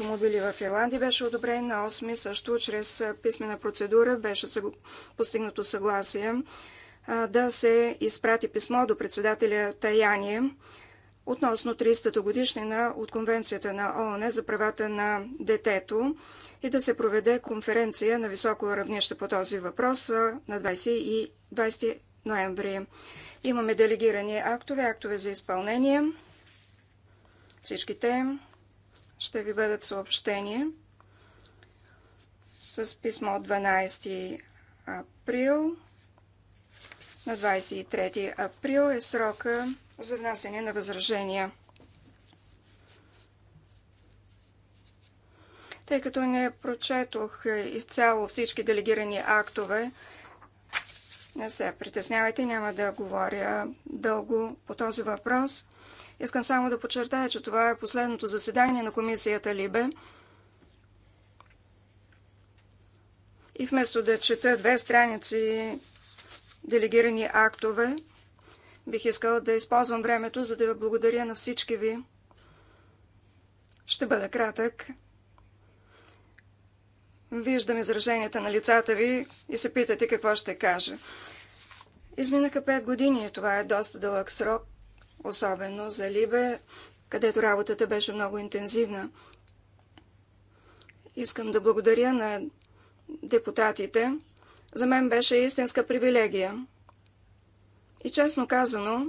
автомобили в Ирландия беше одобрен на 8 също чрез писмена процедура беше постигнато съгласие да се изпрати писмо до председателя Таяни относно 30-та годишнина от Конвенцията на ООН за правата на детето и да се проведе конференция на високо равнище по този въпрос на 20 и 20 ноември. Имаме делегирани актове, актове за изпълнение. Всичките ще ви бъдат съобщени с писмо от 12 април. На 23 април е срока за внасяне на възражения. Тъй като не прочетох изцяло всички делегирани актове, не се притеснявайте, няма да говоря дълго по този въпрос – Искам само да подчертая, че това е последното заседание на комисията Либе. И вместо да чета две страници делегирани актове, бих искала да използвам времето, за да ви благодаря на всички ви. Ще бъда кратък. Виждам израженията на лицата ви и се питате какво ще кажа. Изминаха пет години. и Това е доста дълъг срок особено за Либе, където работата беше много интензивна. Искам да благодаря на депутатите. За мен беше истинска привилегия. И честно казано,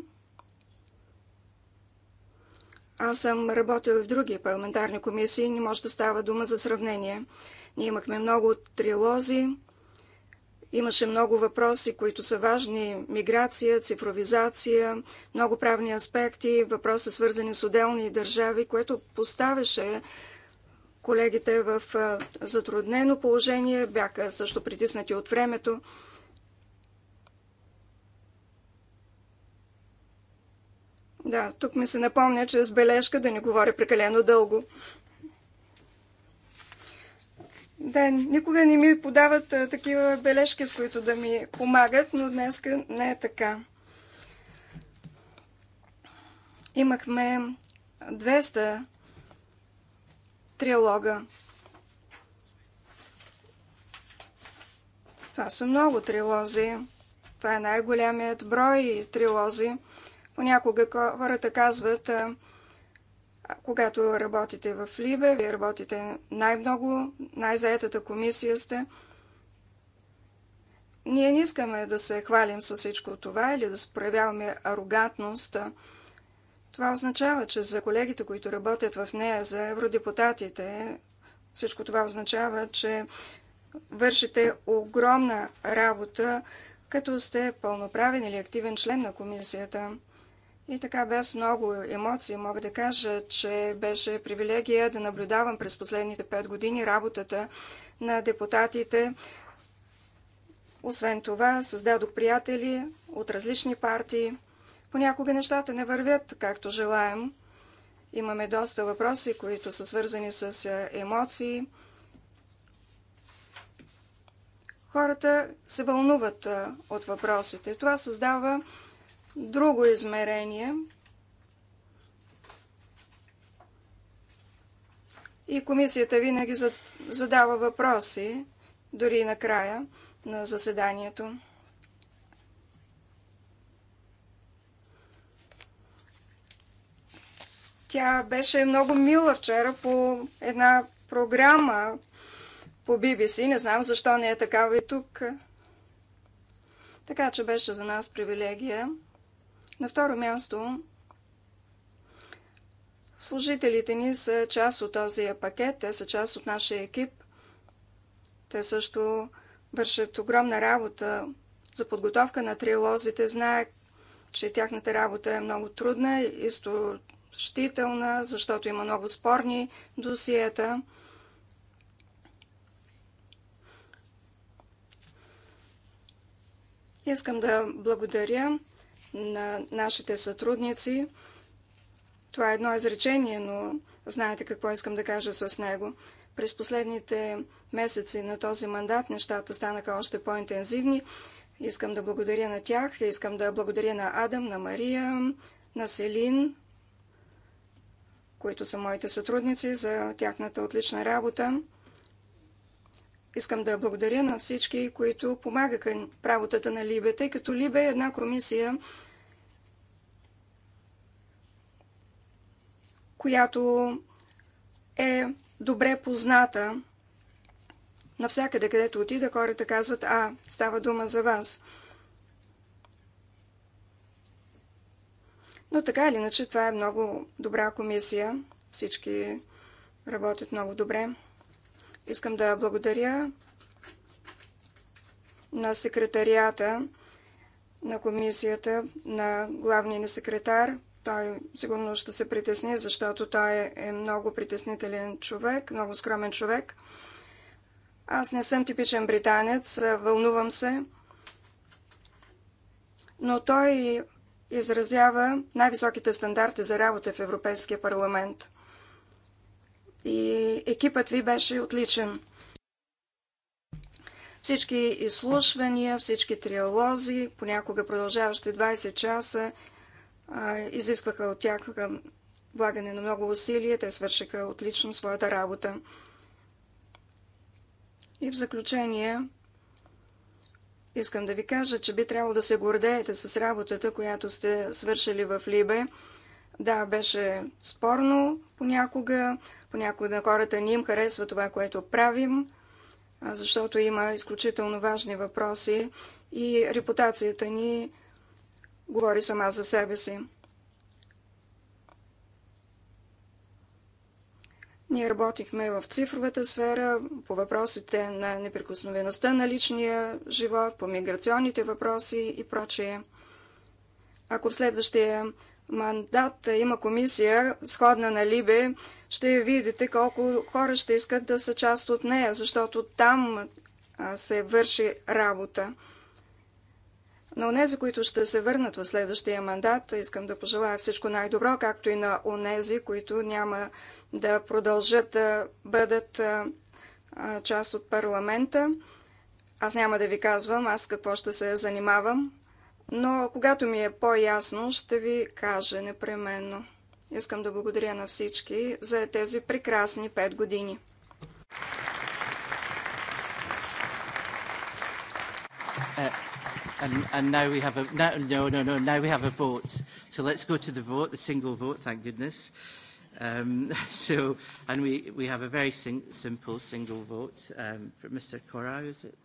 аз съм работил в други парламентарни комисии, не може да става дума за сравнение. Ние имахме много трилози, Имаше много въпроси, които са важни. Миграция, цифровизация, много правни аспекти, въпроси свързани с отделни държави, което поставяше колегите в затруднено положение, бяха също притиснати от времето. Да, тук ми се напомня, че с бележка да не говоря прекалено дълго. Да, никога не ми подават а, такива бележки, с които да ми помагат, но днес не е така. Имахме 200 трилога. Това са много трилози. Това е най-голямият брой трилози. Понякога хората казват, а, когато работите в Либе, вие работите най-много, най-заетата комисия сте. Ние не искаме да се хвалим с всичко това или да се проявяваме арогантност. Това означава, че за колегите, които работят в нея, за евродепутатите, всичко това означава, че вършите огромна работа, като сте пълноправен или активен член на комисията. И така без много емоции мога да кажа, че беше привилегия да наблюдавам през последните пет години работата на депутатите. Освен това, създадох приятели от различни партии. Понякога нещата не вървят както желаем. Имаме доста въпроси, които са свързани с е, емоции. Хората се вълнуват е, от въпросите. Това създава друго измерение. И комисията винаги задава въпроси, дори и накрая на заседанието. Тя беше много мила вчера по една програма по BBC. Не знам защо не е такава и тук. Така че беше за нас привилегия на второ място, служителите ни са част от този пакет, те са част от нашия екип. Те също вършат огромна работа за подготовка на трилозите. Знаят, че тяхната работа е много трудна, изтощителна, защото има много спорни досиета. Искам да благодаря на нашите сътрудници. Това е едно изречение, но знаете какво искам да кажа с него. През последните месеци на този мандат нещата станаха още по-интензивни. Искам да благодаря на тях, искам да благодаря на Адам, на Мария, на Селин, които са моите сътрудници, за тяхната отлична работа. Искам да благодаря на всички, които помагаха в работата на Либе, тъй като Либе е една комисия, която е добре позната. Навсякъде, където отида, хората казват, а, става дума за вас. Но така или иначе, това е много добра комисия. Всички работят много добре. Искам да благодаря на секретарията на комисията, на главния ни секретар. Той сигурно ще се притесни, защото той е много притеснителен човек, много скромен човек. Аз не съм типичен британец, вълнувам се, но той изразява най-високите стандарти за работа в Европейския парламент – и екипът ви беше отличен. Всички изслушвания, всички триалози, понякога продължаващи 20 часа, изискваха от тях влагане на много усилия. Те свършиха отлично своята работа. И в заключение, искам да ви кажа, че би трябвало да се гордеете с работата, която сте свършили в Либе. Да, беше спорно понякога, Понякога на хората не им харесва това, което правим, защото има изключително важни въпроси и репутацията ни говори сама за себе си. Ние работихме в цифровата сфера по въпросите на неприкосновеността на личния живот, по миграционните въпроси и прочее. Ако в следващия мандат е, има комисия, сходна на Либе, ще видите колко хора ще искат да са част от нея, защото там се върши работа. На онези, които ще се върнат в следващия мандат, искам да пожелая всичко най-добро, както и на онези, които няма да продължат да бъдат част от парламента. Аз няма да ви казвам аз какво ще се занимавам но когато ми е по-ясно, ще ви кажа непременно. Искам да благодаря на всички за тези прекрасни пет години. and, and now we have a now, no no no now we have a vote. So let's go to the vote, the single vote. Thank goodness. Um, so and we we have a very sing, simple single vote um, for Mr. Corau, is it?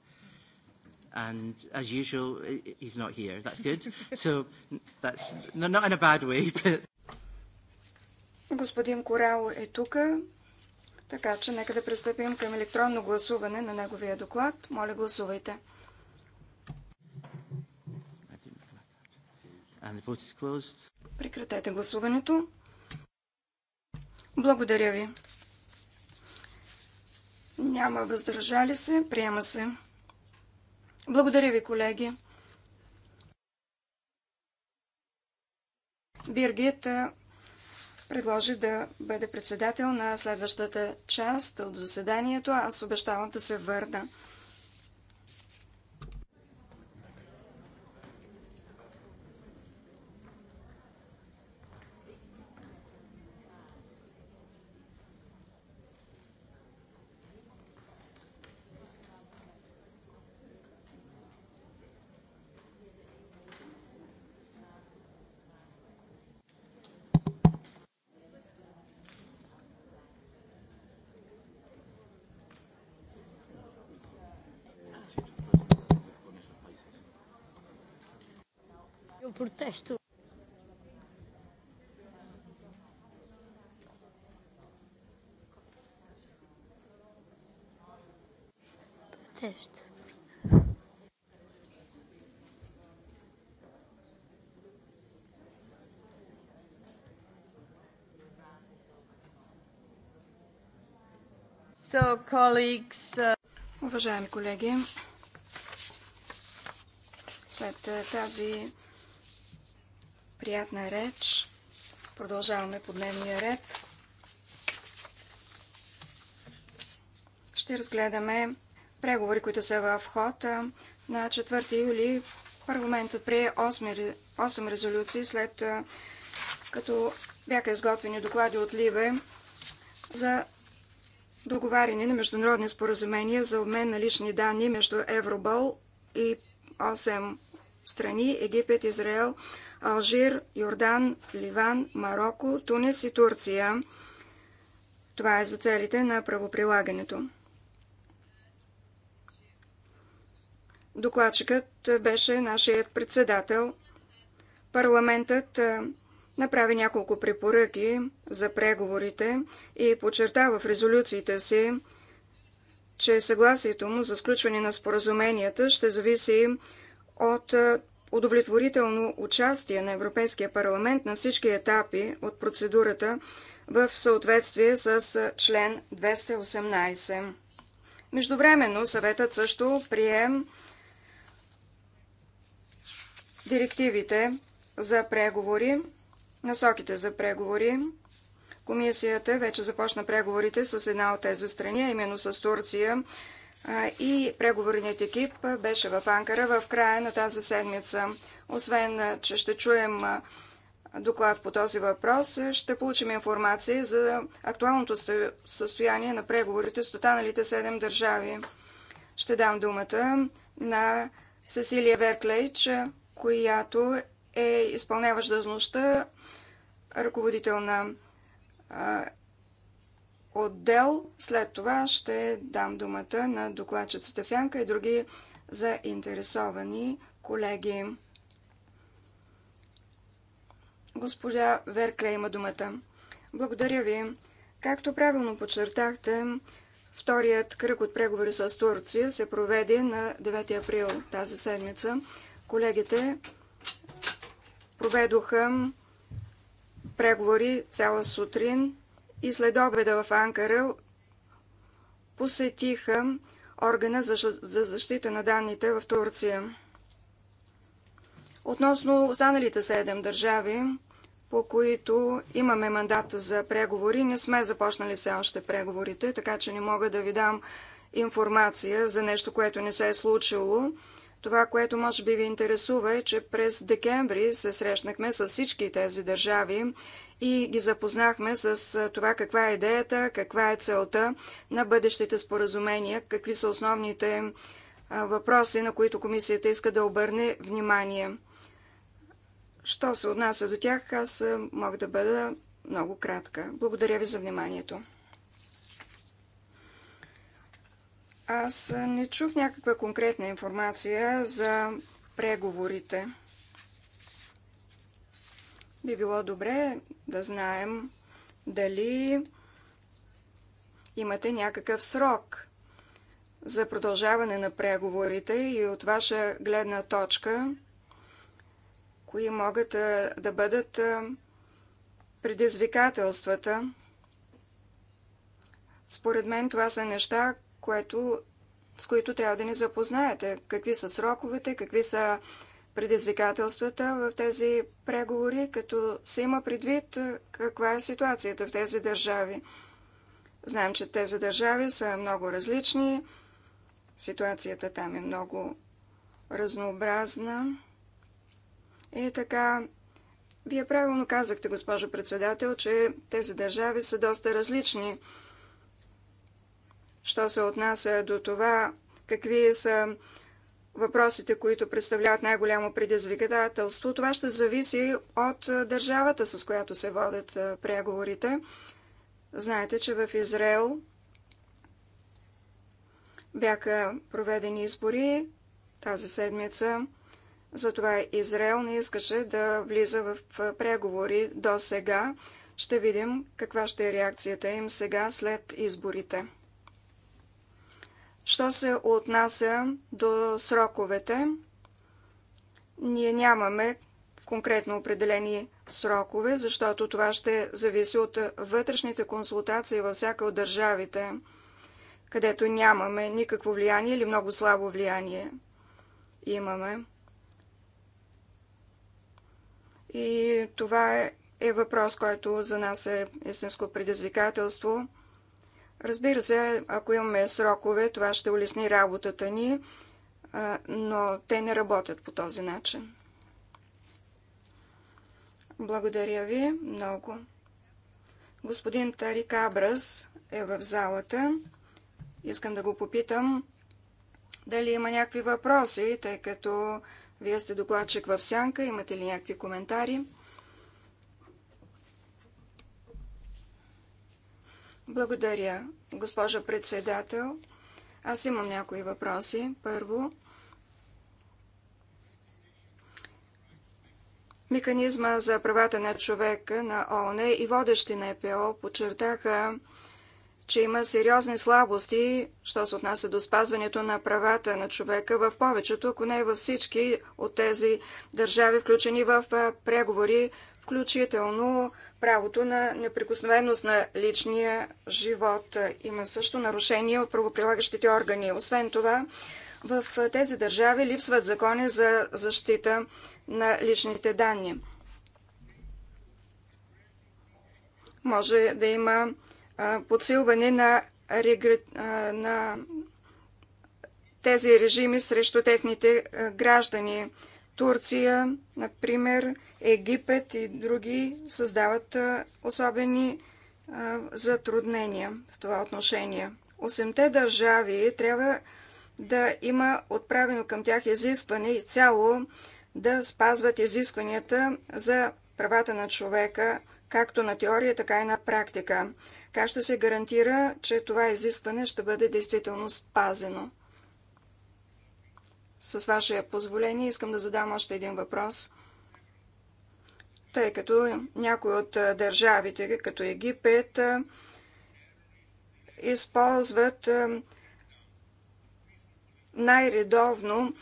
and as usual, he's not here. That's good. So that's not in a bad way, but... Господин Корал е тук, така че нека да пристъпим към електронно гласуване на неговия доклад. Моля, гласувайте. Прекратете гласуването. Благодаря ви. Няма въздържали се. Приема се. Благодаря ви, колеги. Биргит предложи да бъде председател на следващата част от заседанието. Аз обещавам да се върна. protesto protesto So, colleagues, Уважаеми колеги, след тази Приятна реч. Продължаваме по дневния ред. Ще разгледаме преговори, които са в ход. На 4 юли парламентът прие 8, резолюции, след като бяха изготвени доклади от Ливе за договаряне на международни споразумения за обмен на лични данни между Евробол и 8 страни – Египет, Израел, Алжир, Йордан, Ливан, Марокко, Тунис и Турция. Това е за целите на правоприлагането. Докладчикът беше нашият председател. Парламентът направи няколко препоръки за преговорите и подчерта в резолюциите си, че съгласието му за сключване на споразуменията ще зависи от е, удовлетворително участие на Европейския парламент на всички етапи от процедурата в съответствие с е, член 218. Междувременно съветът също прием директивите за преговори, насоките за преговори. Комисията вече започна преговорите с една от тези страни, а именно с Турция, и преговорният екип беше в Анкара в края на тази седмица. Освен, че ще чуем доклад по този въпрос, ще получим информация за актуалното състояние на преговорите с останалите седем държави. Ще дам думата на Сесилия Верклейч, която е изпълняваща дължността ръководител на отдел. След това ще дам думата на докладчицата сянка и други заинтересовани колеги. Госпожа Веркле има думата. Благодаря ви. Както правилно подчертахте, вторият кръг от преговори с Турция се проведе на 9 април тази седмица. Колегите проведоха преговори цяла сутрин и след обеда в Анкара посетиха органа за защита на данните в Турция. Относно останалите седем държави, по които имаме мандат за преговори, не сме започнали все още преговорите, така че не мога да ви дам информация за нещо, което не се е случило. Това, което може би ви интересува е, че през декември се срещнахме с всички тези държави и ги запознахме с това каква е идеята, каква е целта на бъдещите споразумения, какви са основните въпроси, на които комисията иска да обърне внимание. Що се отнася до тях, аз мога да бъда много кратка. Благодаря ви за вниманието. Аз не чух някаква конкретна информация за преговорите. Би било добре да знаем дали имате някакъв срок за продължаване на преговорите и от ваша гледна точка, кои могат да бъдат предизвикателствата. Според мен това са неща, което, с които трябва да ни запознаете. Какви са сроковете, какви са предизвикателствата в тези преговори, като се има предвид каква е ситуацията в тези държави. Знаем, че тези държави са много различни, ситуацията там е много разнообразна. И така, вие правилно казахте, госпожо председател, че тези държави са доста различни. Що се отнася до това, какви са въпросите, които представляват най-голямо предизвикателство, това ще зависи от държавата, с която се водят преговорите. Знаете, че в Израел бяха проведени избори тази седмица. Затова Израел не искаше да влиза в преговори до сега. Ще видим каква ще е реакцията им сега след изборите. Що се отнася до сроковете, ние нямаме конкретно определени срокове, защото това ще зависи от вътрешните консултации във всяка от държавите, където нямаме никакво влияние или много слабо влияние имаме. И това е, е въпрос, който за нас е истинско предизвикателство – Разбира се, ако имаме срокове, това ще улесни работата ни, но те не работят по този начин. Благодаря ви много. Господин Тарик Абраз е в залата. Искам да го попитам дали има някакви въпроси, тъй като вие сте докладчик в сянка, имате ли някакви коментари? Благодаря, госпожа председател. Аз имам някои въпроси. Първо, Механизма за правата на човека на ООН и водещи на ЕПО подчертаха, че има сериозни слабости, що се отнася до спазването на правата на човека в повечето, ако не във всички от тези държави, включени в преговори, включително правото на неприкосновеност на личния живот. Има също нарушения от правоприлагащите органи. Освен това, в тези държави липсват закони за защита на личните данни. Може да има подсилване на, регр... на тези режими срещу техните граждани. Турция, например, Египет и други създават особени затруднения в това отношение. Осемте държави трябва да има отправено към тях изискване и цяло да спазват изискванията за правата на човека, както на теория, така и на практика. Как ще се гарантира, че това изискване ще бъде действително спазено? С ваше позволение искам да задам още един въпрос. Тъй като някои от държавите, като Египет, използват най-редовно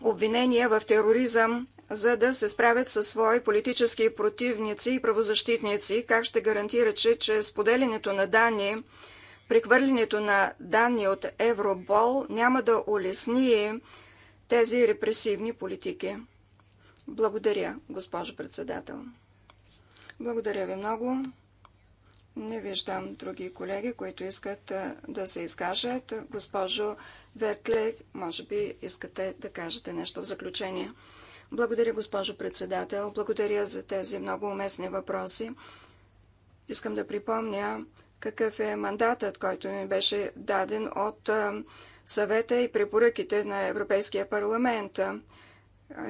обвинения в тероризъм, за да се справят със свои политически противници и правозащитници. Как ще гарантира, че, че споделянето на данни, прехвърлянето на данни от Евробол няма да улесни тези репресивни политики. Благодаря, госпожо председател. Благодаря ви много. Не виждам други колеги, които искат да се изкажат. Госпожо Веркле, може би искате да кажете нещо в заключение. Благодаря, госпожо председател. Благодаря за тези много уместни въпроси. Искам да припомня какъв е мандатът, който ми беше даден от съвета и препоръките на Европейския парламент.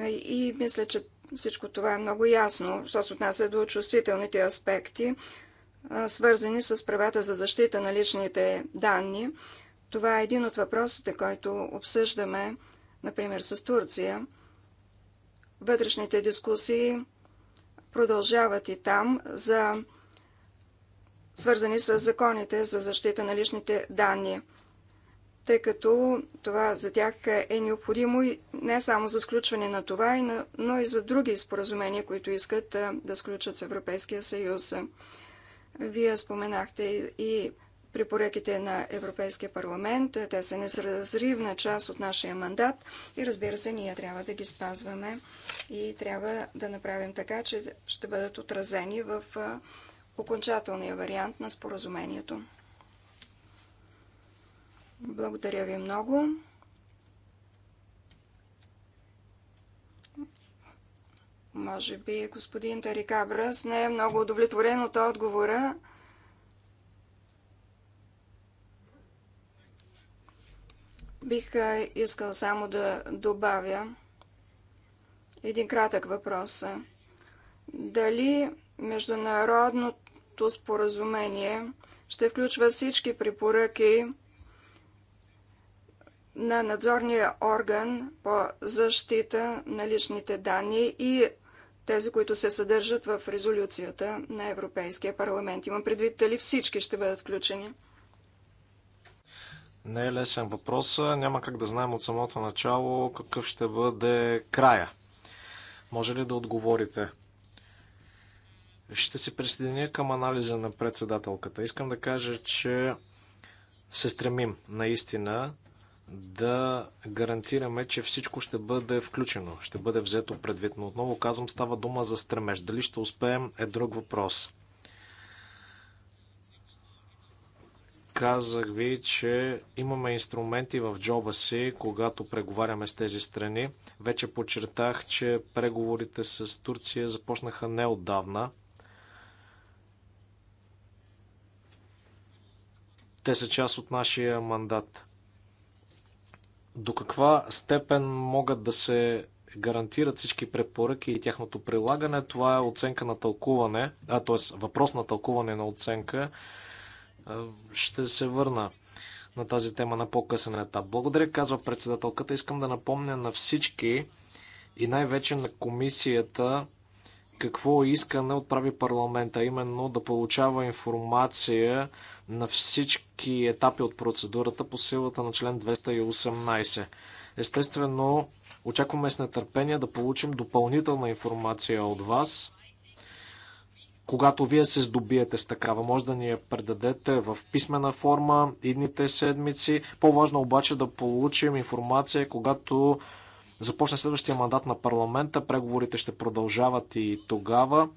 И мисля, че всичко това е много ясно, що се отнася до чувствителните аспекти, свързани с правата за защита на личните данни. Това е един от въпросите, който обсъждаме, например, с Турция. Вътрешните дискусии продължават и там за свързани с законите за защита на личните данни тъй като това за тях е необходимо не само за сключване на това, но и за други споразумения, които искат да сключат с Европейския съюз. Вие споменахте и препоръките на Европейския парламент. Те са несразривна част от нашия мандат и разбира се, ние трябва да ги спазваме и трябва да направим така, че ще бъдат отразени в окончателния вариант на споразумението. Благодаря ви много. Може би господин Тарикабрас не е много удовлетворен от отговора. Бих искал само да добавя един кратък въпрос. Дали международното споразумение ще включва всички препоръки, на надзорния орган по защита на личните данни и тези, които се съдържат в резолюцията на Европейския парламент. Имам предвид дали всички ще бъдат включени. Не е лесен въпрос. Няма как да знаем от самото начало какъв ще бъде края. Може ли да отговорите? Ще се присъединя към анализа на председателката. Искам да кажа, че се стремим наистина да гарантираме, че всичко ще бъде включено, ще бъде взето предвид. Но отново казвам, става дума за стремеж. Дали ще успеем е друг въпрос. Казах ви, че имаме инструменти в джоба си, когато преговаряме с тези страни. Вече подчертах, че преговорите с Турция започнаха неотдавна. Те са част от нашия мандат до каква степен могат да се гарантират всички препоръки и тяхното прилагане. Това е оценка на тълкуване, а т.е. въпрос на тълкуване на оценка. Ще се върна на тази тема на по-късен етап. Благодаря, казва председателката. Искам да напомня на всички и най-вече на комисията какво искане отправи парламента, именно да получава информация на всички етапи от процедурата по силата на член 218. Естествено, очакваме с нетърпение да получим допълнителна информация от вас. Когато вие се здобиете с такава, може да ни я предадете в писмена форма идните седмици. По-важно обаче да получим информация, когато започне следващия мандат на парламента. Преговорите ще продължават и тогава.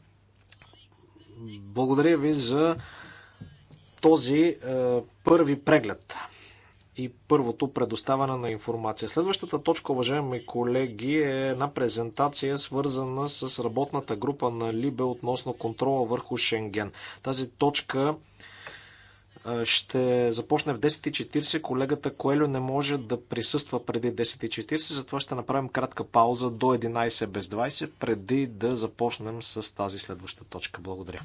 Благодаря ви за този е, първи преглед и първото предоставяне на информация. Следващата точка, уважаеми колеги, е една презентация, свързана с работната група на Либе относно контрола върху Шенген. Тази точка ще започне в 10.40. Колегата Коелю не може да присъства преди 10.40, затова ще направим кратка пауза до 11 без 20, преди да започнем с тази следваща точка. Благодаря.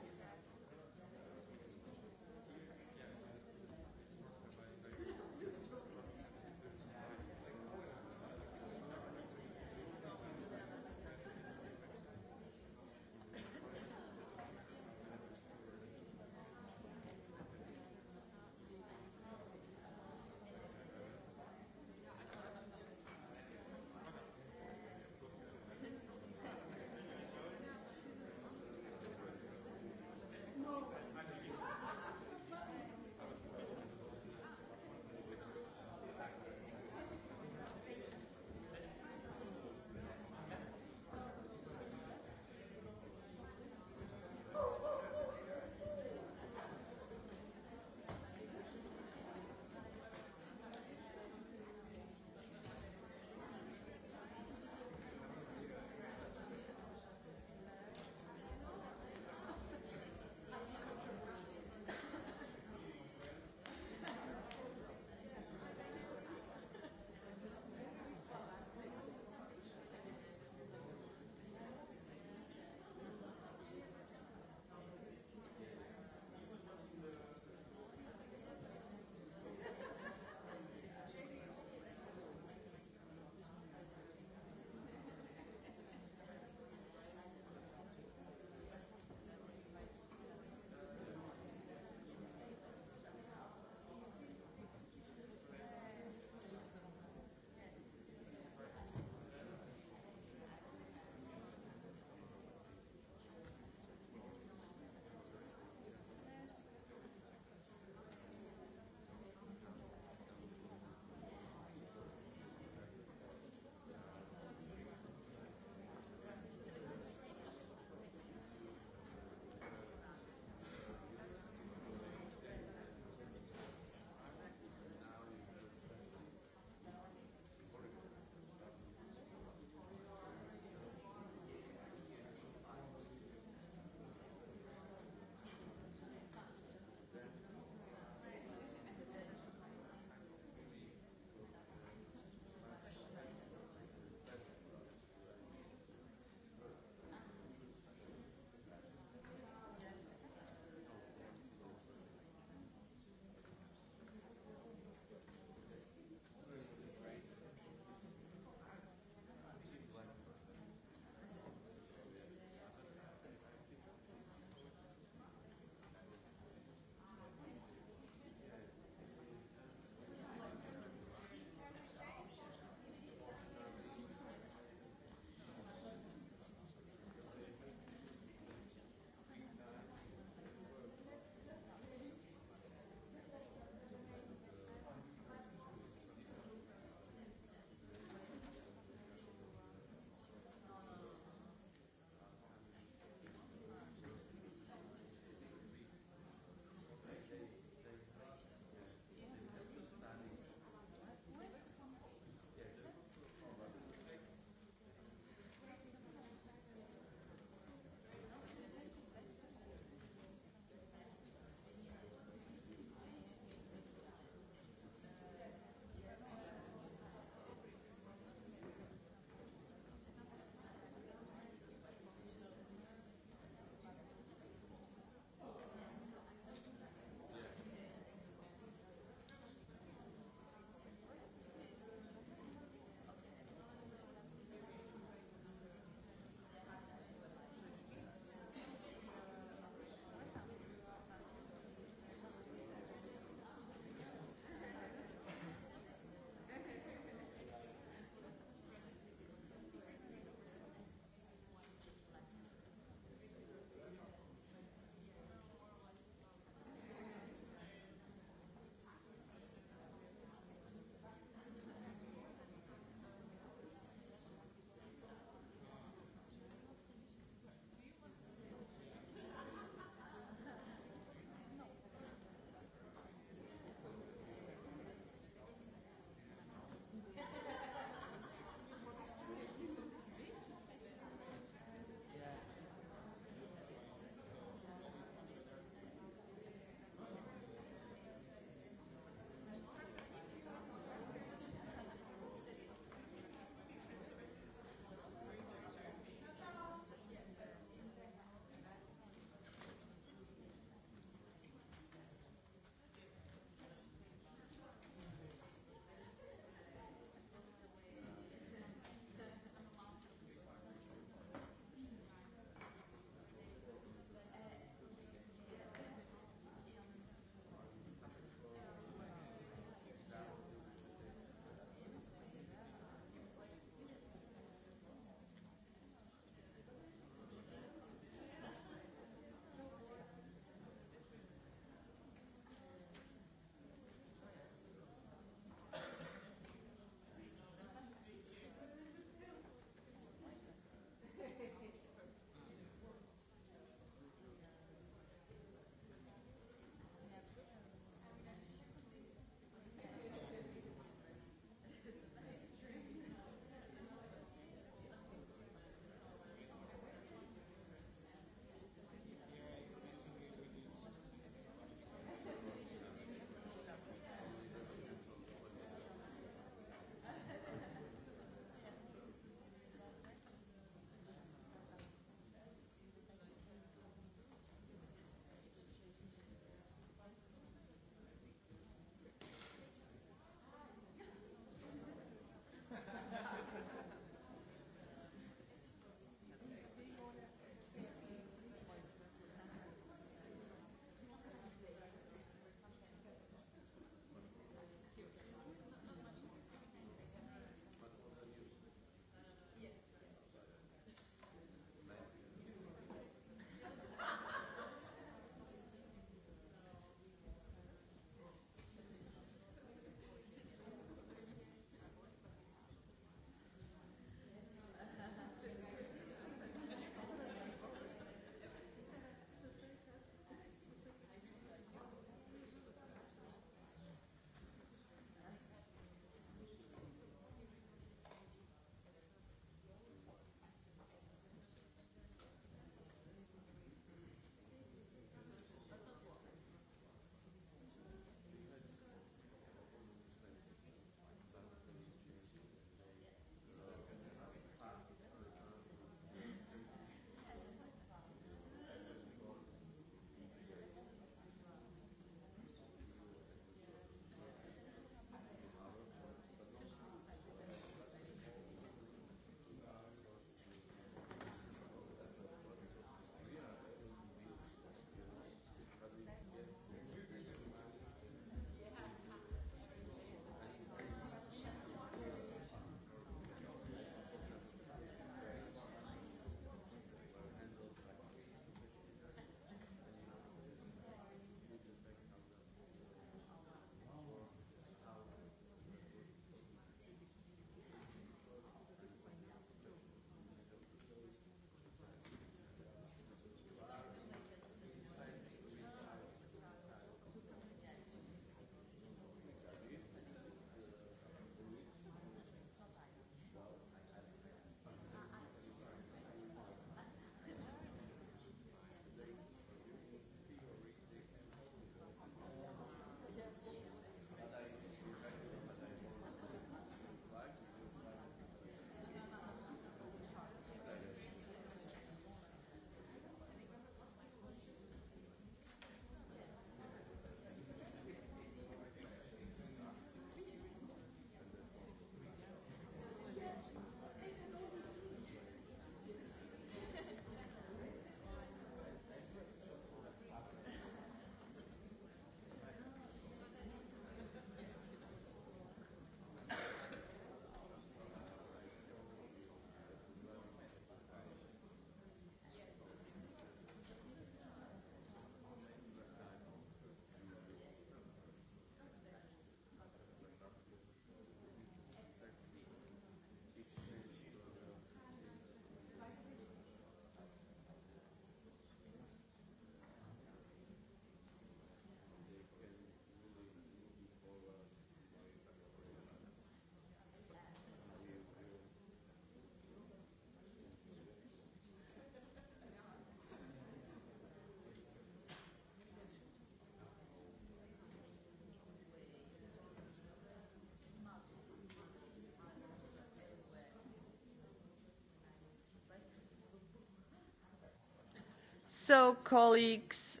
So, colleagues...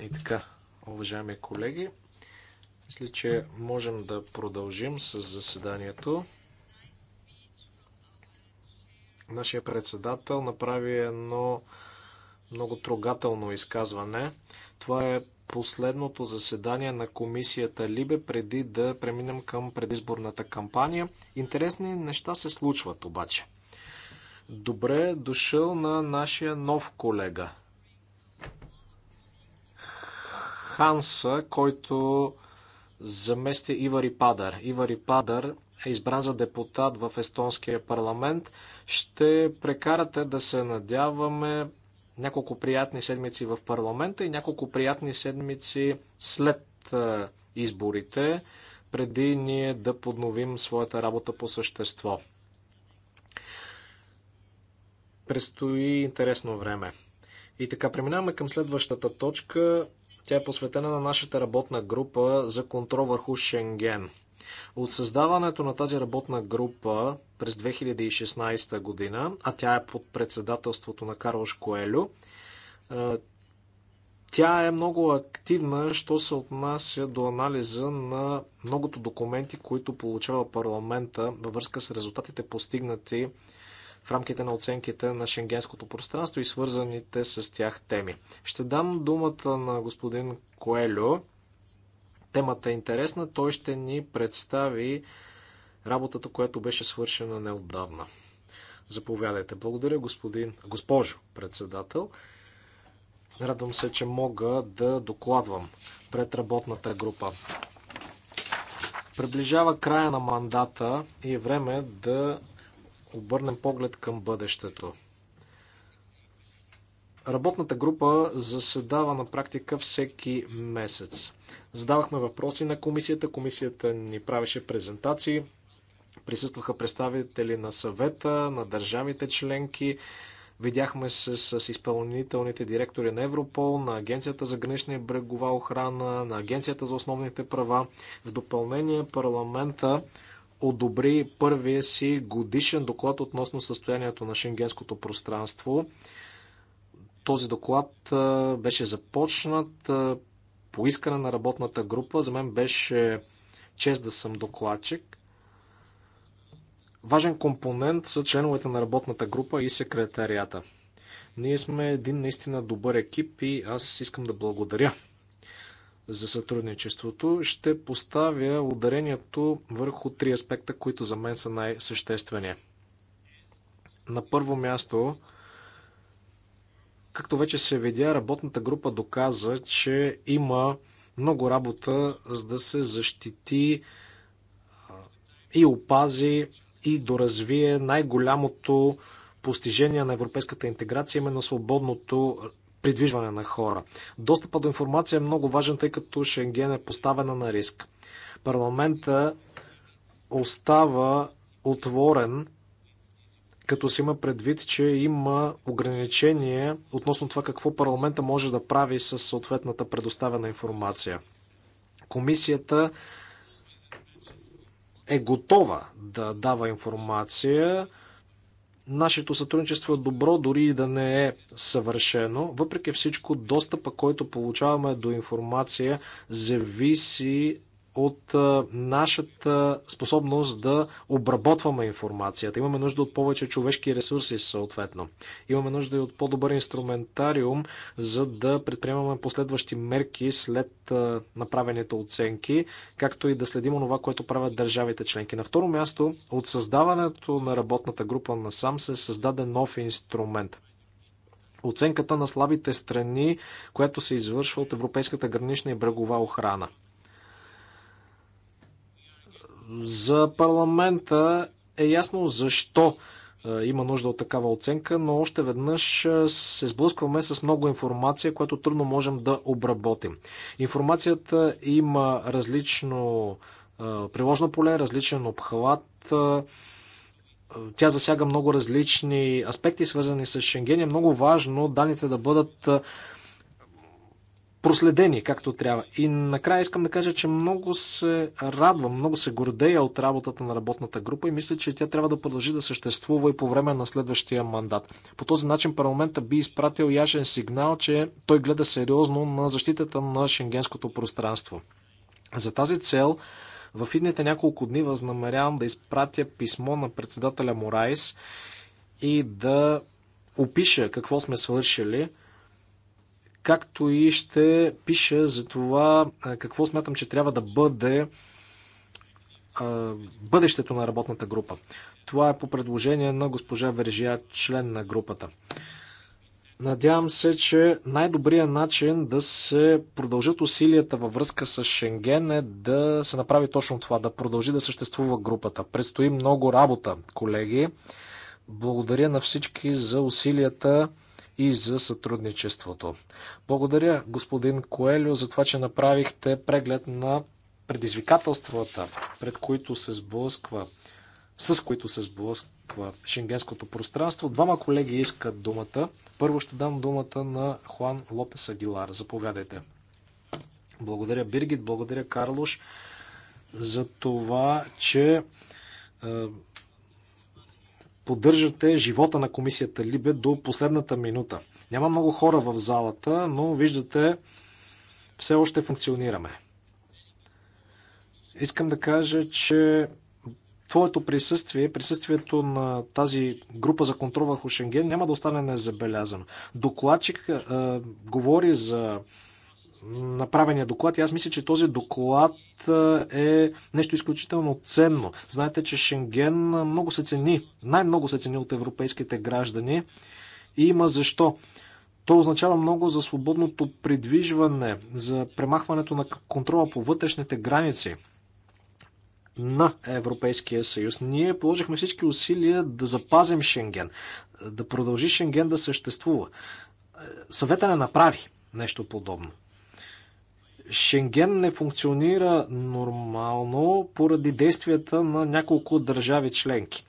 И така, уважаеми колеги, мисля, че можем да продължим с заседанието. Нашия председател направи едно много трогателно изказване. Това е последното заседание на комисията Либе преди да преминем към предизборната кампания. Интересни неща се случват обаче. Добре е дошъл на нашия нов колега Ханса, който замести Ивари Падър. Ивари Падър е избран за депутат в естонския парламент. Ще прекарате да се надяваме няколко приятни седмици в парламента и няколко приятни седмици след е, изборите, преди ние да подновим своята работа по същество. Престои интересно време. И така, преминаваме към следващата точка. Тя е посветена на нашата работна група за контрол върху Шенген. От създаването на тази работна група през 2016 година, а тя е под председателството на Карлош Коелю, тя е много активна, що се отнася до анализа на многото документи, които получава парламента във връзка с резултатите постигнати в рамките на оценките на шенгенското пространство и свързаните с тях теми. Ще дам думата на господин Коелю. Темата е интересна. Той ще ни представи работата, която беше свършена неотдавна. Заповядайте. Благодаря, господин, госпожо председател. Радвам се, че мога да докладвам пред работната група. Приближава края на мандата и е време да обърнем поглед към бъдещето. Работната група заседава на практика всеки месец. Задавахме въпроси на комисията, комисията ни правеше презентации, присъстваха представители на съвета, на държавите членки, видяхме се с изпълнителните директори на Европол, на Агенцията за гранична и брегова охрана, на Агенцията за основните права. В допълнение парламента одобри първия си годишен доклад относно състоянието на шенгенското пространство. Този доклад беше започнат по искане на работната група. За мен беше чест да съм докладчик. Важен компонент са членовете на работната група и секретарията. Ние сме един наистина добър екип и аз искам да благодаря за сътрудничеството, ще поставя ударението върху три аспекта, които за мен са най-съществени. На първо място, както вече се видя, работната група доказа, че има много работа за да се защити и опази и доразвие най-голямото постижение на европейската интеграция, именно свободното придвижване на хора. Достъпа до информация е много важен, тъй като Шенген е поставена на риск. Парламента остава отворен, като се има предвид, че има ограничение относно това какво парламента може да прави с съответната предоставена информация. Комисията е готова да дава информация Нашето сътрудничество е добро, дори и да не е съвършено. Въпреки всичко, достъпа, който получаваме до информация, зависи от нашата способност да обработваме информацията. Имаме нужда от повече човешки ресурси, съответно. Имаме нужда и от по-добър инструментариум, за да предприемаме последващи мерки след направените оценки, както и да следим това, което правят държавите членки. На второ място, от създаването на работната група на сам се създаде нов инструмент оценката на слабите страни, която се извършва от Европейската гранична и брегова охрана. За парламента е ясно защо има нужда от такава оценка, но още веднъж се сблъскваме с много информация, която трудно можем да обработим. Информацията има различно приложно поле, различен обхват. Тя засяга много различни аспекти, свързани с Шенген. Е много важно данните да бъдат проследени както трябва. И накрая искам да кажа, че много се радвам, много се гордея от работата на работната група и мисля, че тя трябва да продължи да съществува и по време на следващия мандат. По този начин парламента би изпратил ясен сигнал, че той гледа сериозно на защитата на шенгенското пространство. За тази цел в идните няколко дни възнамерявам да изпратя писмо на председателя Морайс и да опиша какво сме свършили – както и ще пиша за това какво смятам, че трябва да бъде бъдещето на работната група. Това е по предложение на госпожа Вержия, член на групата. Надявам се, че най-добрият начин да се продължат усилията във връзка с Шенген е да се направи точно това, да продължи да съществува групата. Предстои много работа, колеги. Благодаря на всички за усилията и за сътрудничеството. Благодаря, господин Коелю, за това, че направихте преглед на предизвикателствата, пред които се сблъсква, с които се сблъсква шенгенското пространство. Двама колеги искат думата. Първо ще дам думата на Хуан Лопес Агилар. Заповядайте. Благодаря, Биргит, благодаря, Карлош, за това, че е, поддържате живота на комисията Либе до последната минута. Няма много хора в залата, но виждате, все още функционираме. Искам да кажа, че твоето присъствие, присъствието на тази група за контрол върху Шенген няма да остане незабелязано. Докладчик е, говори за направения доклад. И аз мисля, че този доклад е нещо изключително ценно. Знаете, че Шенген много се цени, най-много се цени от европейските граждани. И има защо. То означава много за свободното придвижване, за премахването на контрола по вътрешните граници на Европейския съюз. Ние положихме всички усилия да запазим Шенген, да продължи Шенген да съществува. Е, съвета не направи нещо подобно. Шенген не функционира нормално поради действията на няколко държави членки.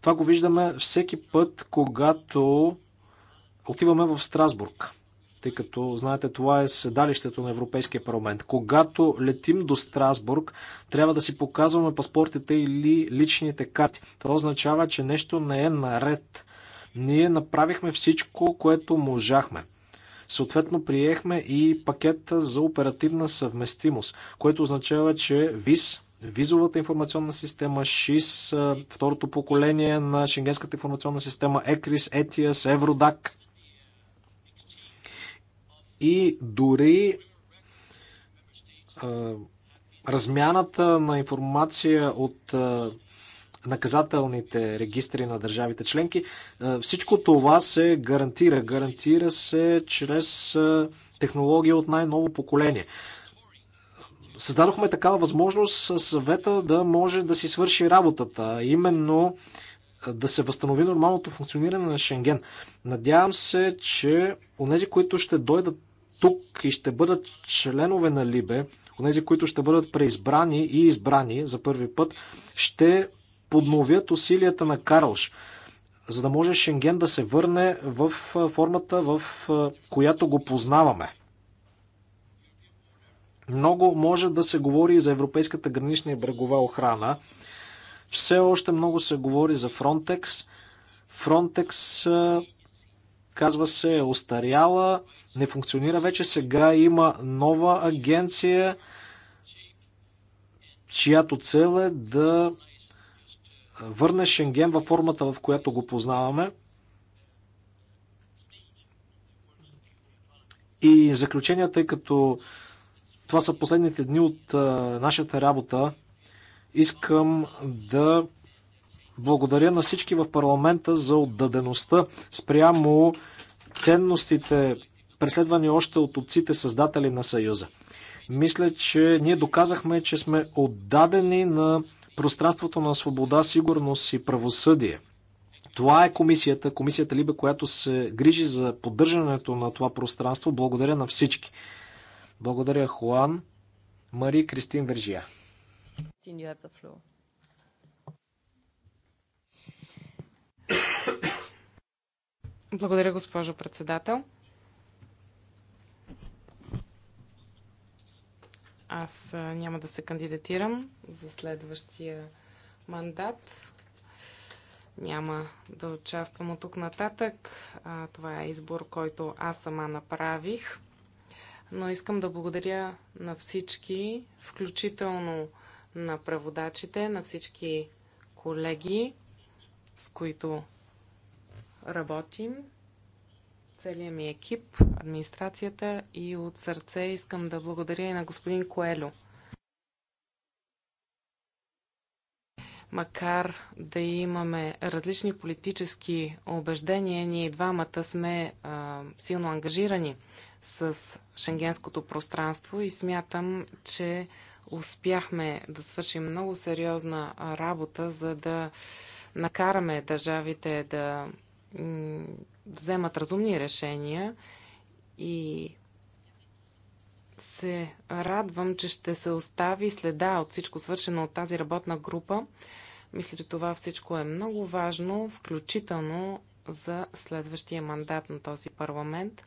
Това го виждаме всеки път, когато отиваме в Страсбург, тъй като, знаете, това е седалището на Европейския парламент. Когато летим до Страсбург, трябва да си показваме паспортите или личните карти. Това означава, че нещо не е наред. Ние направихме всичко, което можахме. Съответно, приехме и пакета за оперативна съвместимост, което означава, че ВИС, визовата информационна система, ШИС, второто поколение на Шенгенската информационна система, ЕКРИС, ЕТИАС, Евродак и дори размяната на информация от наказателните регистри на държавите членки. Е, всичко това се гарантира. Гарантира се чрез е, технология от най-ново поколение. Създадохме такава възможност съвета да може да си свърши работата, именно е, да се възстанови нормалното функциониране на Шенген. Надявам се, че онези, които ще дойдат тук и ще бъдат членове на Либе, онези, които ще бъдат преизбрани и избрани за първи път, ще подновят усилията на Карлш, за да може Шенген да се върне в формата, в която го познаваме. Много може да се говори и за Европейската гранична и брегова охрана. Все още много се говори за Фронтекс. Фронтекс казва се е устаряла, не функционира вече. Сега има нова агенция, чиято цел е да върне Шенген във формата, в която го познаваме. И в заключение, тъй като това са последните дни от нашата работа, искам да благодаря на всички в парламента за отдадеността спрямо ценностите, преследвани още от отците създатели на Съюза. Мисля, че ние доказахме, че сме отдадени на пространството на свобода, сигурност и правосъдие. Това е комисията, комисията Либе, която се грижи за поддържането на това пространство. Благодаря на всички. Благодаря Хуан, Мари, Кристин Вержия. Благодаря, госпожо председател. Аз няма да се кандидатирам за следващия мандат. Няма да участвам от тук нататък. А, това е избор, който аз сама направих. Но искам да благодаря на всички, включително на преводачите, на всички колеги, с които работим целия ми екип, администрацията и от сърце искам да благодаря и на господин Коелю. Макар да имаме различни политически убеждения, ние двамата сме а, силно ангажирани с шенгенското пространство и смятам, че успяхме да свършим много сериозна работа, за да накараме държавите да вземат разумни решения и се радвам, че ще се остави следа от всичко свършено от тази работна група. Мисля, че това всичко е много важно, включително за следващия мандат на този парламент.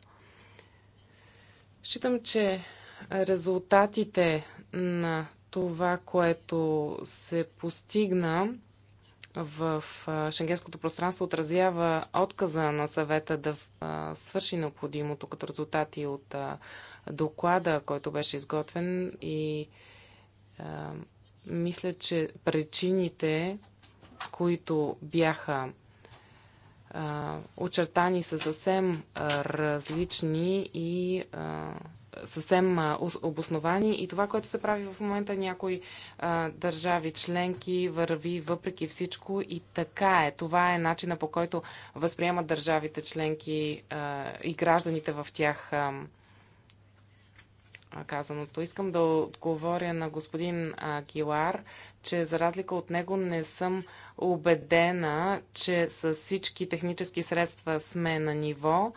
Считам, че резултатите на това, което се постигна в шенгенското пространство отразява отказа на съвета да свърши необходимото като резултати от доклада, който беше изготвен и а, мисля, че причините, които бяха а, очертани са съвсем различни и а, съвсем обосновани и това, което се прави в момента някои държави членки върви въпреки всичко и така е. Това е начина по който възприемат държавите членки и гражданите в тях казаното. Искам да отговоря на господин Гилар, че за разлика от него не съм убедена, че с всички технически средства сме на ниво.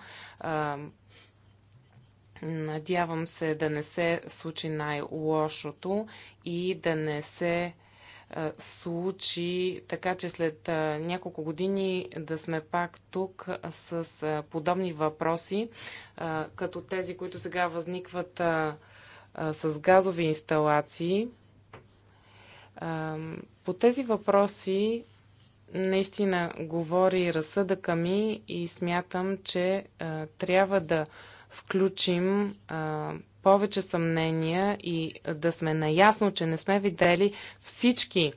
Надявам се да не се случи най-лошото и да не се случи така, че след няколко години да сме пак тук с подобни въпроси, като тези, които сега възникват с газови инсталации. По тези въпроси наистина говори разсъдъка ми и смятам, че трябва да включим а, повече съмнения и да сме наясно, че не сме видели всички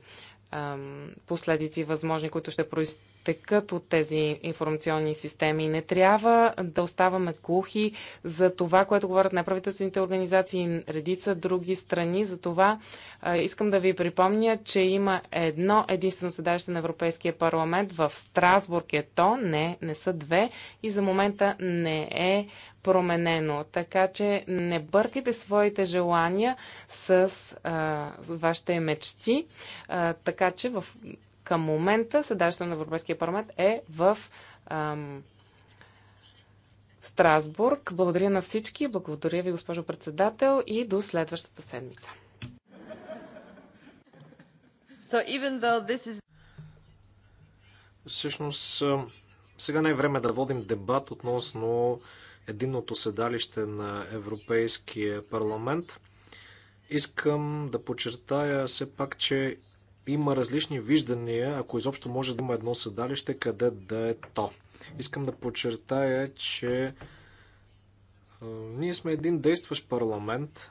последици възможни, които ще проистекат текат от тези информационни системи. Не трябва да оставаме кухи за това, което говорят неправителствените организации и редица други страни. За това а, искам да ви припомня, че има едно единствено седалище на Европейския парламент в Страсбург е то, не, не са две и за момента не е променено. Така че не бъркайте своите желания с а, вашите мечти. А, така че в към момента седалището на Европейския парламент е в ам, Страсбург. Благодаря на всички, благодаря ви, госпожо председател, и до следващата седмица. So even this is... Всъщност, сега не е време да водим дебат относно единното седалище на Европейския парламент. Искам да подчертая все пак, че има различни виждания, ако изобщо може да има едно седалище, къде да е то. Искам да подчертая, че ние сме един действащ парламент.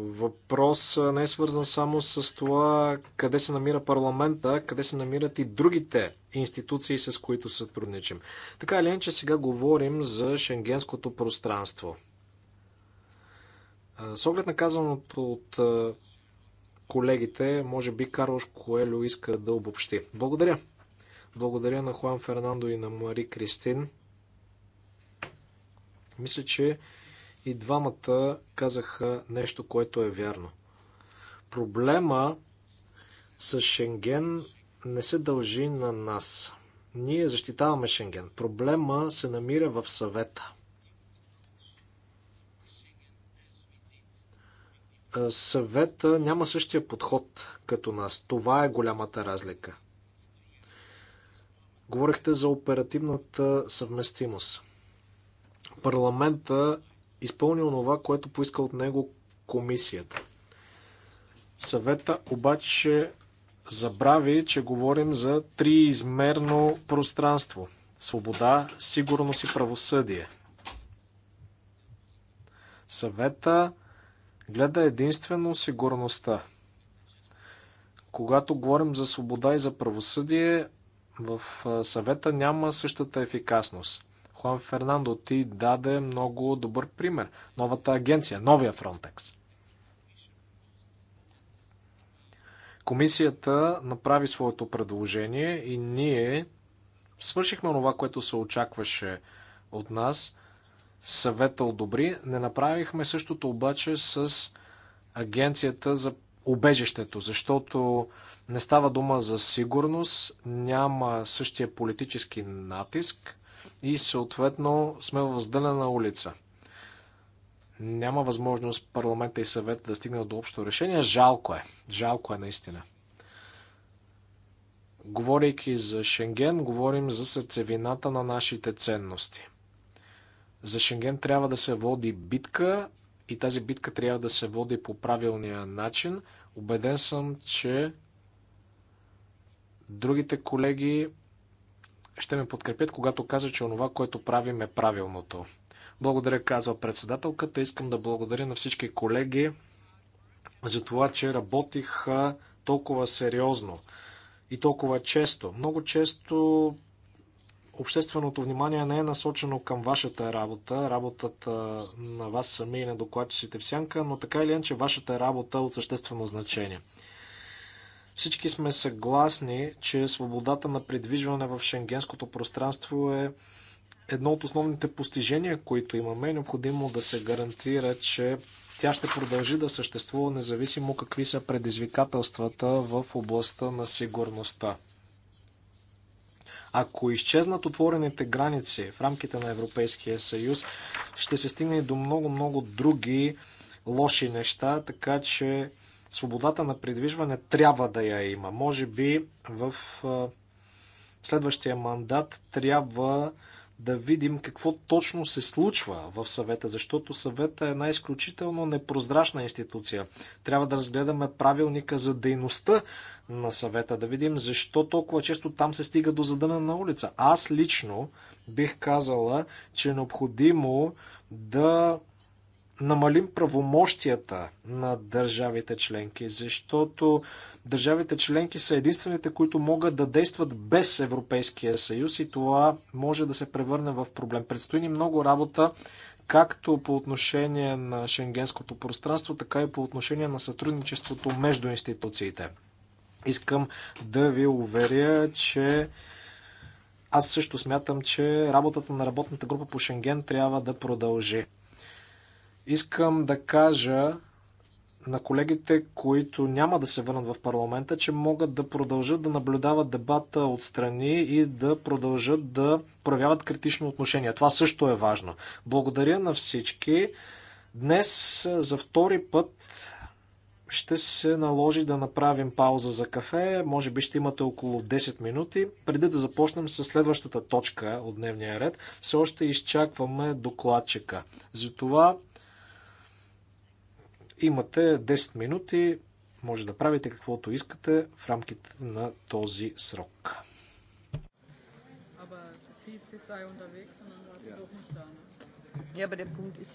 Въпрос не е свързан само с това къде се намира парламента, къде се намират и другите институции, с които сътрудничим. Така или иначе сега говорим за шенгенското пространство. С оглед на казаното от колегите. Може би Карлош Коелю иска да обобщи. Благодаря. Благодаря на Хуан Фернандо и на Мари Кристин. Мисля, че и двамата казаха нещо, което е вярно. Проблема с Шенген не се дължи на нас. Ние защитаваме Шенген. Проблема се намира в съвета. Е, съвета няма същия подход като нас. Това е голямата разлика. Говорихте за оперативната съвместимост. Парламента изпълни онова, което поиска от него комисията. Съвета обаче забрави, че говорим за триизмерно пространство. Свобода, сигурност и правосъдие. Съвета гледа единствено сигурността. Когато говорим за свобода и за правосъдие, в съвета няма същата ефикасност. Хуан Фернандо, ти даде много добър пример. Новата агенция, новия Фронтекс. Комисията направи своето предложение и ние свършихме това, което се очакваше от нас съвета одобри. Не направихме същото обаче с агенцията за убежището, защото не става дума за сигурност, няма същия политически натиск и съответно сме в въздънена улица. Няма възможност парламента и съвет да стигнат до общо решение. Жалко е. Жалко е наистина. Говорейки за Шенген, говорим за сърцевината на нашите ценности – за Шенген трябва да се води битка и тази битка трябва да се води по правилния начин. Обеден съм, че другите колеги ще ме подкрепят, когато кажа, че онова, което правим е правилното. Благодаря, казва председателката. Искам да благодаря на всички колеги за това, че работиха толкова сериозно и толкова често. Много често общественото внимание не е насочено към вашата работа, работата на вас сами и на докладчиците в сянка, но така или иначе вашата работа е от съществено значение. Всички сме съгласни, че свободата на придвижване в шенгенското пространство е едно от основните постижения, които имаме. Е необходимо да се гарантира, че тя ще продължи да съществува, независимо какви са предизвикателствата в областта на сигурността. Ако изчезнат отворените граници в рамките на Европейския съюз, ще се стигне и до много-много други лоши неща, така че свободата на придвижване трябва да я има. Може би в следващия мандат трябва да видим какво точно се случва в съвета, защото съвета е една изключително непрозрачна институция. Трябва да разгледаме правилника за дейността на съвета, да видим защо толкова често там се стига до задъна на улица. Аз лично бих казала, че е необходимо да намалим правомощията на държавите членки, защото държавите членки са единствените, които могат да действат без Европейския съюз и това може да се превърне в проблем. Предстои ни много работа, както по отношение на шенгенското пространство, така и по отношение на сътрудничеството между институциите. Искам да ви уверя, че аз също смятам, че работата на работната група по Шенген трябва да продължи. Искам да кажа на колегите, които няма да се върнат в парламента, че могат да продължат да наблюдават дебата отстрани и да продължат да проявяват критично отношение. Това също е важно. Благодаря на всички. Днес за втори път ще се наложи да направим пауза за кафе. Може би ще имате около 10 минути. Преди да започнем с следващата точка от дневния ред, все още изчакваме докладчика. Затова Имате 10 минути, може да правите каквото искате в рамките на този срок. Ja, aber der Punkt ist,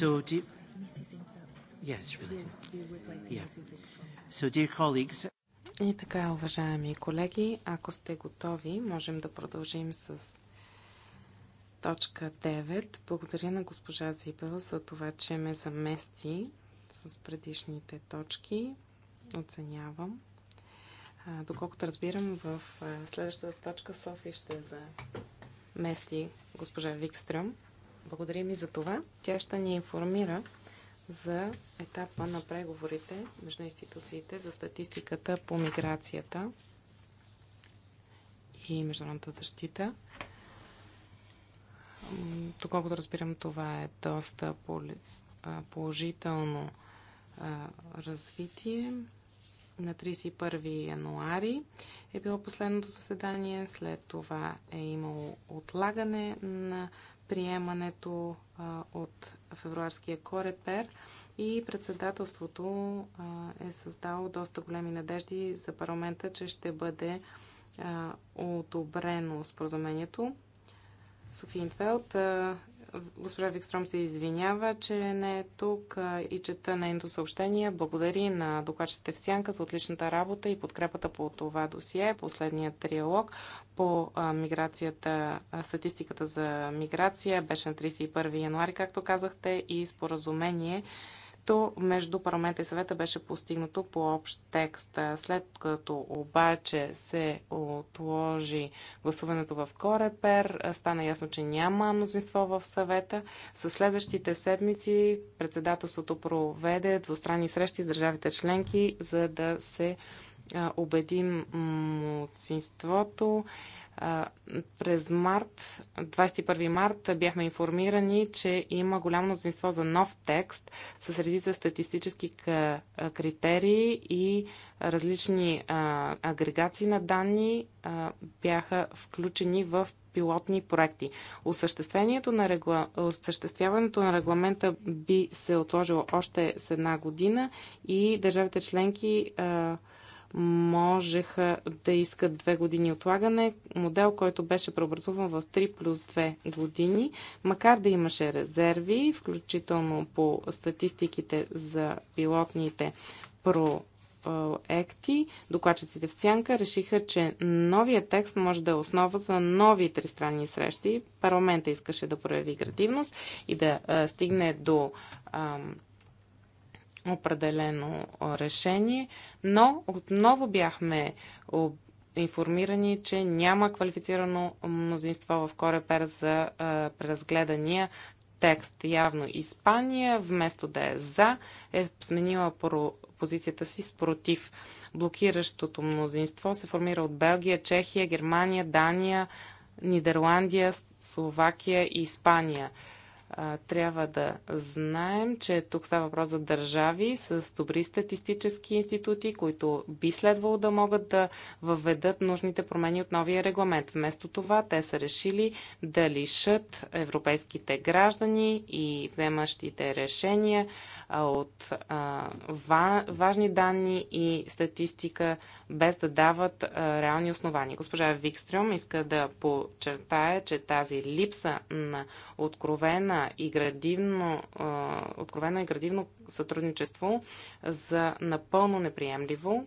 So, do, yes, yeah. so dear colleagues, и така, уважаеми колеги, ако сте готови, можем да продължим с точка 9. Благодаря на госпожа Зибел за това, че ме замести с предишните точки. Оценявам. Доколкото разбирам, в следващата точка Софи ще замести госпожа Викстрюм. Благодарим и за това. Тя ще ни информира за етапа на преговорите между институциите за статистиката по миграцията и международната защита. Доколкото разбирам, това е доста положително развитие на 31 януари е било последното заседание. След това е имало отлагане на приемането а, от февруарския корепер и председателството а, е създало доста големи надежди за парламента, че ще бъде а, одобрено споразумението. Софи Интвелт Госпожа Викстром се извинява, че не е тук и чета нейното съобщение. Благодари на докладчите в Сянка за отличната работа и подкрепата по това досие. Последният триалог по миграцията, статистиката за миграция беше на 31 януари, както казахте, и споразумение което между парламента и съвета беше постигнато по общ текст. След като обаче се отложи гласуването в Корепер, стана ясно, че няма мнозинство в съвета. Със следващите седмици председателството проведе двустранни срещи с държавите членки, за да се убедим мнозинството през март, 21 март, бяхме информирани, че има голямо мнозинство за нов текст с редица статистически критерии и различни агрегации на данни бяха включени в пилотни проекти. Осъществяването на, регла... Осъществяването на регламента би се отложило още с една година и държавите членки а, можеха да искат две години отлагане, модел, който беше преобразуван в 3 плюс 2 години, макар да имаше резерви, включително по статистиките за пилотните про проекти, докладчиците в Сянка решиха, че новия текст може да е основа за нови тристранни срещи. Парламента искаше да прояви градивност и да стигне до ам, определено решение, но отново бяхме информирани, че няма квалифицирано мнозинство в Корепер за преразгледания текст. Явно Испания, вместо да е за, е сменила позицията си с против. Блокиращото мнозинство се формира от Белгия, Чехия, Германия, Дания, Нидерландия, Словакия и Испания трябва да знаем, че тук става въпрос за държави с добри статистически институти, които би следвало да могат да въведат нужните промени от новия регламент. Вместо това те са решили да лишат европейските граждани и вземащите решения от а, важни данни и статистика, без да дават а, реални основания. Госпожа Викстрюм иска да подчертая, че тази липса на откровена откровена и градивно, откровено и градивно сътрудничество за напълно неприемливо.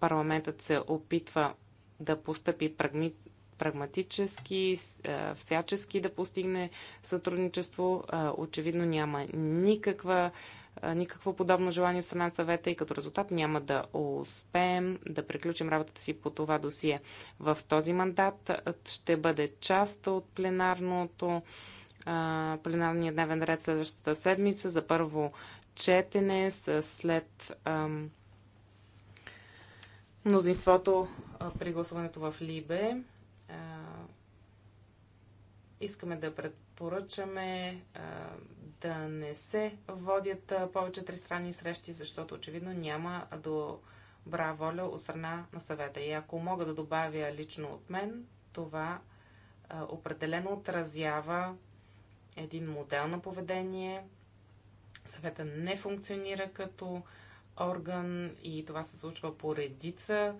Парламентът се опитва да постъпи прагми, прагматически, всячески да постигне сътрудничество. Очевидно няма никаква, никакво подобно желание в страна съвета и като резултат няма да успеем да приключим работата си по това досие. В този мандат ще бъде част от пленарното пленарния дневен ред следващата седмица за първо четене след ам, мнозинството а, при гласуването в Либе. А, искаме да предпоръчаме а, да не се водят а, повече тристранни срещи, защото очевидно няма добра воля от страна на съвета. И ако мога да добавя лично от мен, това а, определено отразява един модел на поведение. Съвета не функционира като орган и това се случва по редица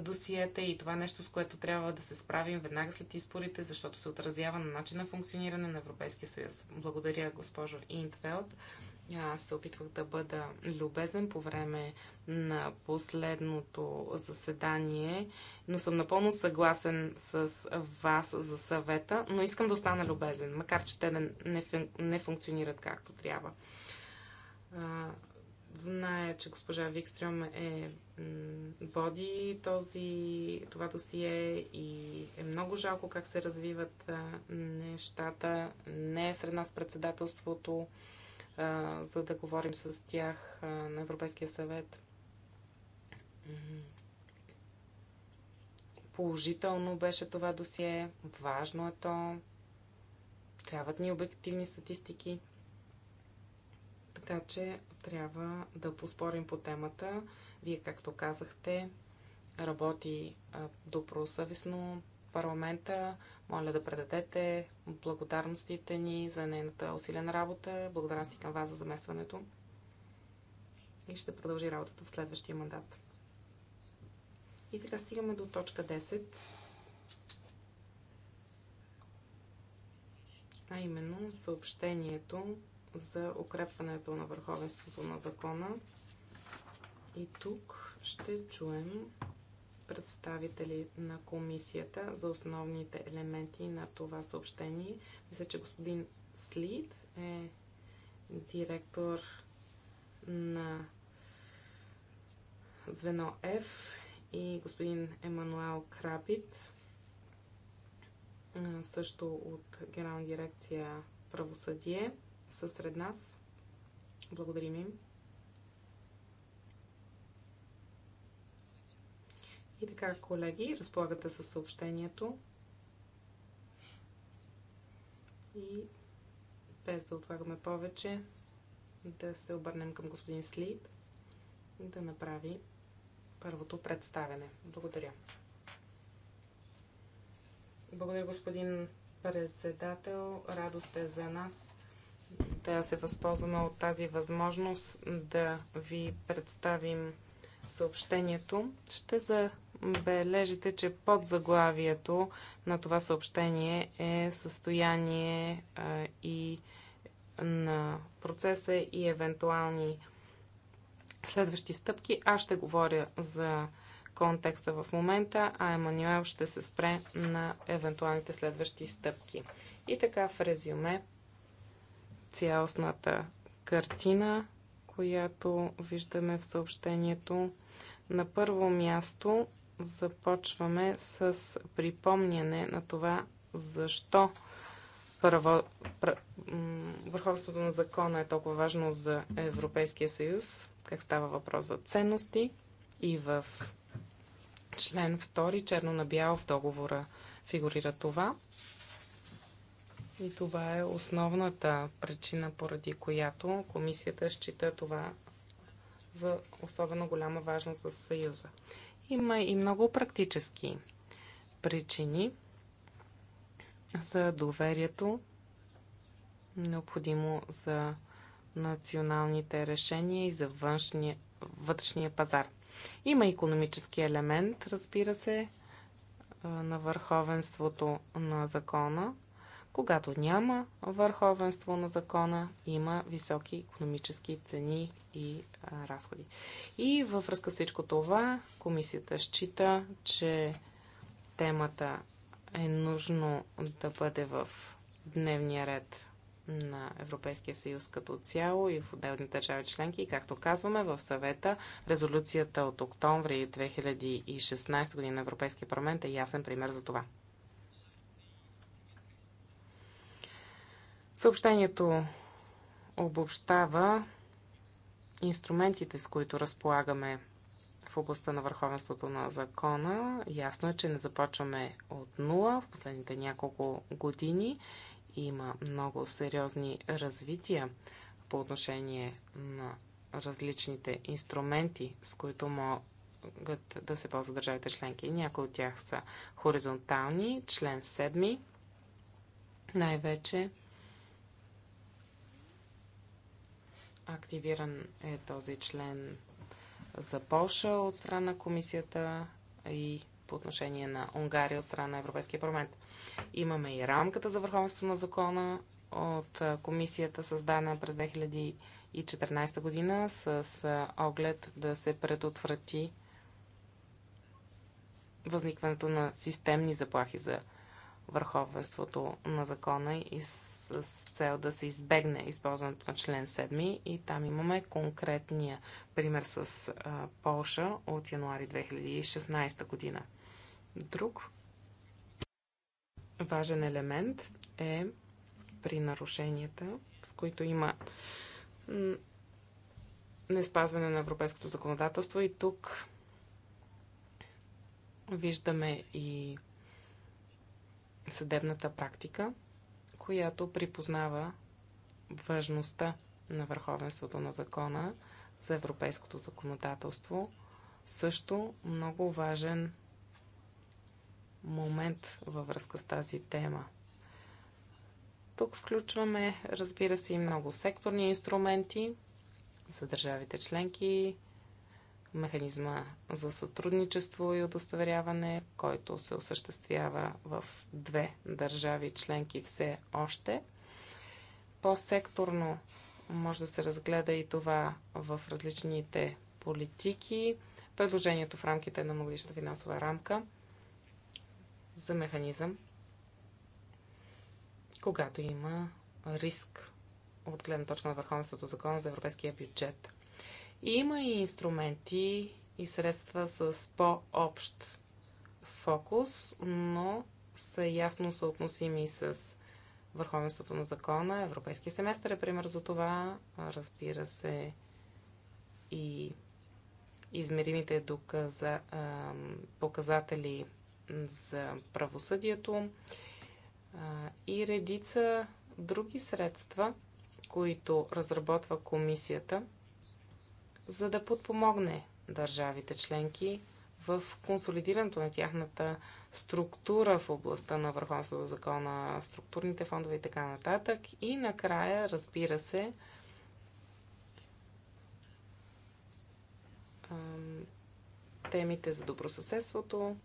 досиета и това е нещо, с което трябва да се справим веднага след изборите, защото се отразява на начина на функциониране на Европейския съюз. Благодаря, госпожо Интвелд. Аз се опитвах да бъда любезен по време на последното заседание, но съм напълно съгласен с вас за съвета, но искам да остана любезен, макар че те не, не, не функционират както трябва. А, зная, че госпожа Викстрюм е, води този, това досие и е много жалко как се развиват нещата. Не е сред нас председателството за да говорим с тях на Европейския съвет. Положително беше това досие, важно е то, трябват ни обективни статистики. Така че трябва да поспорим по темата. Вие, както казахте, работи добросъвестно парламента. Моля да предадете благодарностите ни за нейната усилена работа. Благодарности към вас за заместването. И ще продължи работата в следващия мандат. И така стигаме до точка 10. А именно съобщението за укрепването на върховенството на закона. И тук ще чуем представители на комисията за основните елементи на това съобщение. Мисля, че господин Слид е директор на звено F и господин Емануел Крапит също от Генерална дирекция правосъдие, са сред нас. Благодарим им. И така, колеги, разполагате с съобщението. И без да отлагаме повече, да се обърнем към господин Слид да направи първото представене. Благодаря. Благодаря, господин председател. Радост е за нас да се възползваме от тази възможност да ви представим съобщението. Ще за бележите, че под заглавието на това съобщение е състояние а, и на процеса и евентуални следващи стъпки. Аз ще говоря за контекста в момента, а Емануел ще се спре на евентуалните следващи стъпки. И така в резюме цялостната картина, която виждаме в съобщението. На първо място започваме с припомняне на това, защо първо, пр... върховството на закона е толкова важно за Европейския съюз, как става въпрос за ценности и в член 2, черно на бяло в договора фигурира това. И това е основната причина, поради която комисията счита това за особено голяма важност за Съюза. Има и много практически причини за доверието, необходимо за националните решения и за външния, вътрешния пазар. Има економически елемент, разбира се, на върховенството на закона, когато няма върховенство на закона, има високи економически цени и а, разходи. И във връзка с всичко това, комисията счита, че темата е нужно да бъде в дневния ред на Европейския съюз като цяло и в отделни държави членки. И както казваме в съвета, резолюцията от октомври 2016 година на Европейския парламент е ясен пример за това. Съобщението обобщава инструментите, с които разполагаме в областта на върховенството на закона. Ясно е, че не започваме от нула. В последните няколко години има много сериозни развития по отношение на различните инструменти, с които могат да се ползват държавите членки. Някои от тях са хоризонтални, член 7, най-вече Активиран е този член за Польша от страна на комисията и по отношение на Унгария от страна на Европейския парламент. Имаме и рамката за върховенство на закона от комисията, създана през 2014 година с оглед да се предотврати възникването на системни заплахи за върховенството на закона и с, с цел да се избегне използването на член 7. И там имаме конкретния пример с а, Полша от януари 2016 година. Друг важен елемент е при нарушенията, в които има неспазване на европейското законодателство и тук виждаме и съдебната практика, която припознава важността на върховенството на закона за европейското законодателство. Също много важен момент във връзка с тази тема. Тук включваме, разбира се, и много секторни инструменти за държавите членки, механизма за сътрудничество и удостоверяване, който се осъществява в две държави членки все още. По-секторно може да се разгледа и това в различните политики, предложението в рамките на многогодишната финансова рамка за механизъм, когато има риск от гледна точка на върховенството закона за европейския бюджет – има и инструменти и средства с по-общ фокус, но са ясно съотносими с върховенството на закона. Европейския семестър е пример за това. Разбира се, и измеримите доказа, показатели за правосъдието и редица други средства, които разработва комисията – за да подпомогне държавите членки в консолидирането на тяхната структура в областта на върховството закона, структурните фондове и така нататък. И накрая, разбира се, темите за добросъседството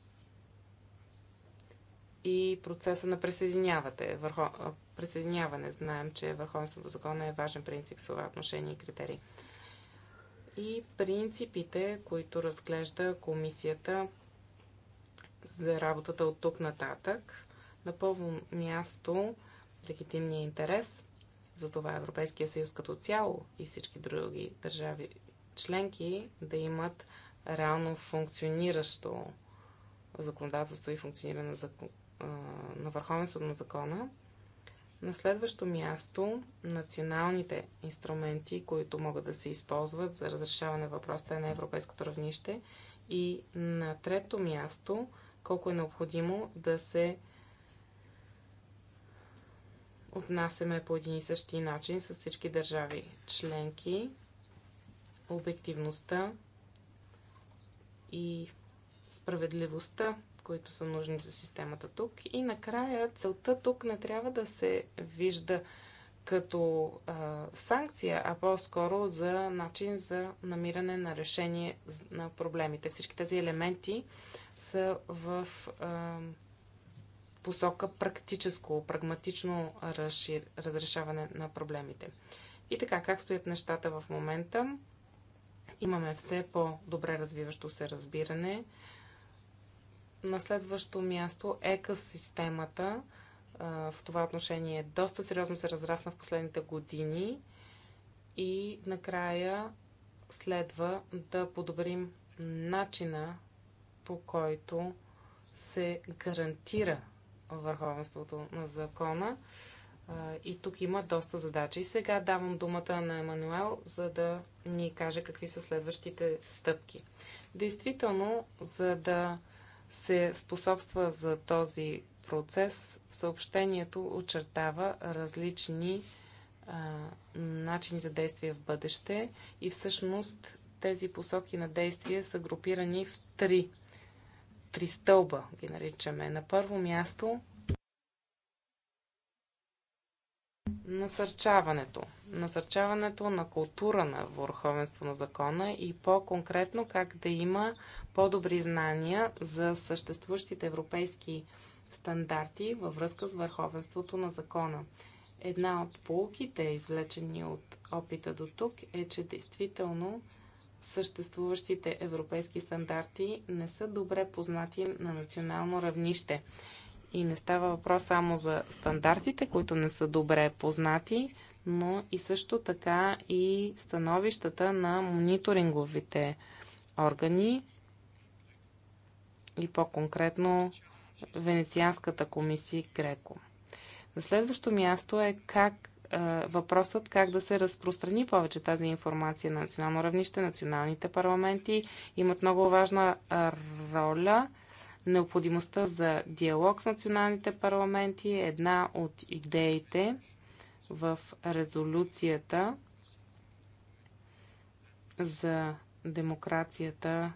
и процеса на присъединяване. Върхо... присъединяване. Знаем, че върховенството закона е важен принцип в това отношение и критерии и принципите, които разглежда комисията за работата от тук нататък. На първо място легитимния интерес, за това Европейския съюз като цяло и всички други държави членки да имат реално функциониращо законодателство и функциониране на, на върховенството на закона. На следващо място, националните инструменти, които могат да се използват за разрешаване въпросите на европейското равнище. И на трето място, колко е необходимо да се отнасяме по един и същи начин с всички държави членки, обективността и справедливостта които са нужни за системата тук. И накрая целта тук не трябва да се вижда като а, санкция, а по-скоро за начин за намиране на решение на проблемите. Всички тези елементи са в а, посока практическо, прагматично разшир, разрешаване на проблемите. И така, как стоят нещата в момента? Имаме все по-добре развиващо се разбиране на следващо място екосистемата в това отношение доста сериозно се разрасна в последните години и накрая следва да подобрим начина по който се гарантира върховенството на закона. И тук има доста задачи. И сега давам думата на Емануел, за да ни каже какви са следващите стъпки. Действително, за да се способства за този процес, съобщението очертава различни а, начини за действие в бъдеще и всъщност тези посоки на действие са групирани в три. Три стълба ги наричаме. На първо място насърчаването. Насърчаването на култура на върховенство на закона и по-конкретно как да има по-добри знания за съществуващите европейски стандарти във връзка с върховенството на закона. Една от полуките, извлечени от опита до тук, е, че действително съществуващите европейски стандарти не са добре познати на национално равнище. И не става въпрос само за стандартите, които не са добре познати, но и също така и становищата на мониторинговите органи и по-конкретно Венецианската комисия Греко. На следващо място е как въпросът как да се разпространи повече тази информация на национално равнище. Националните парламенти имат много важна роля – Необходимостта за диалог с националните парламенти е една от идеите в резолюцията за демокрацията,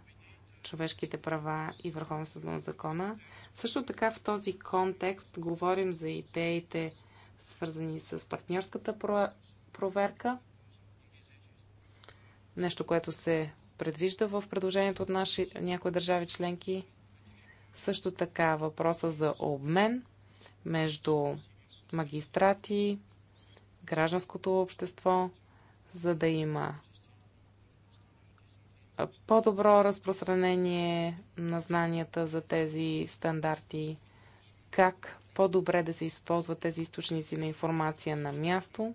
човешките права и върховенството на закона. Също така в този контекст говорим за идеите, свързани с партньорската проверка. Нещо, което се предвижда в предложението от наши някои държави членки. Също така въпроса за обмен между магистрати, гражданското общество, за да има по-добро разпространение на знанията за тези стандарти, как по-добре да се използват тези източници на информация на място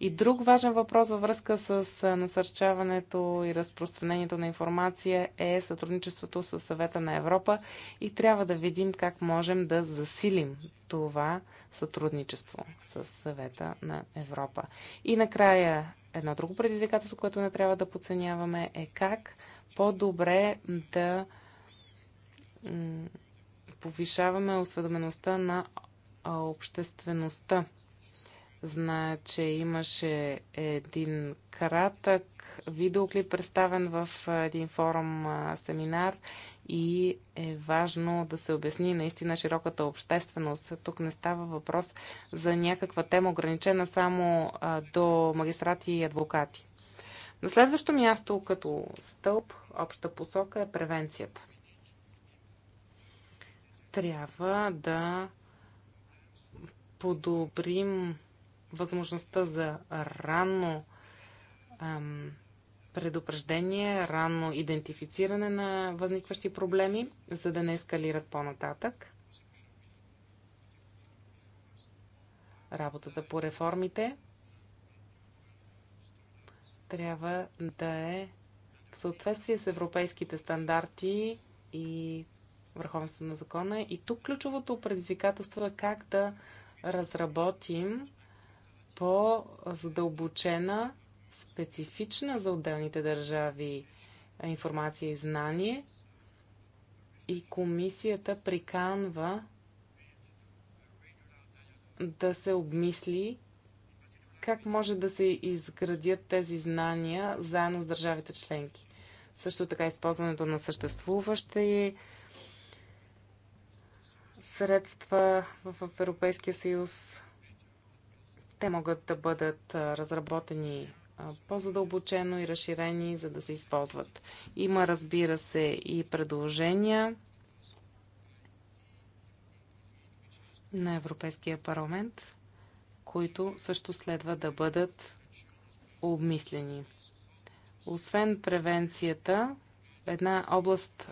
и друг важен въпрос във връзка с насърчаването и разпространението на информация е сътрудничеството с съвета на Европа и трябва да видим как можем да засилим това сътрудничество с съвета на Европа. И накрая едно друго предизвикателство, което не трябва да подценяваме е как по-добре да повишаваме осведомеността на обществеността Зная, че имаше един кратък видеоклип представен в един форум семинар и е важно да се обясни наистина широката общественост. Тук не става въпрос за някаква тема, ограничена само до магистрати и адвокати. На следващо място като стълб, обща посока е превенцията. Трябва да подобрим възможността за ранно ам, предупреждение, ранно идентифициране на възникващи проблеми, за да не ескалират по-нататък. Работата по реформите трябва да е в съответствие с европейските стандарти и върховенството на закона. И тук ключовото предизвикателство е как да разработим по-задълбочена, специфична за отделните държави информация и знание. И комисията приканва да се обмисли как може да се изградят тези знания заедно с държавите членки. Също така използването на съществуващи средства в Европейския съюз те могат да бъдат разработени по-задълбочено и разширени, за да се използват. Има, разбира се, и предложения на Европейския парламент, които също следва да бъдат обмислени. Освен превенцията, една област,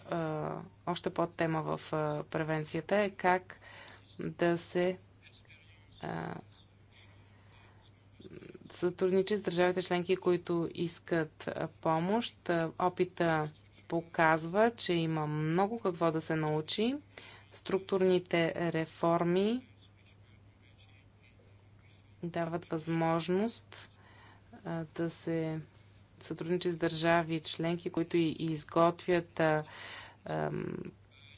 още под тема в превенцията е как да се сътрудничи с държавите членки, които искат помощ. Опита показва, че има много какво да се научи. Структурните реформи дават възможност да се сътрудничи с държави членки, които и изготвят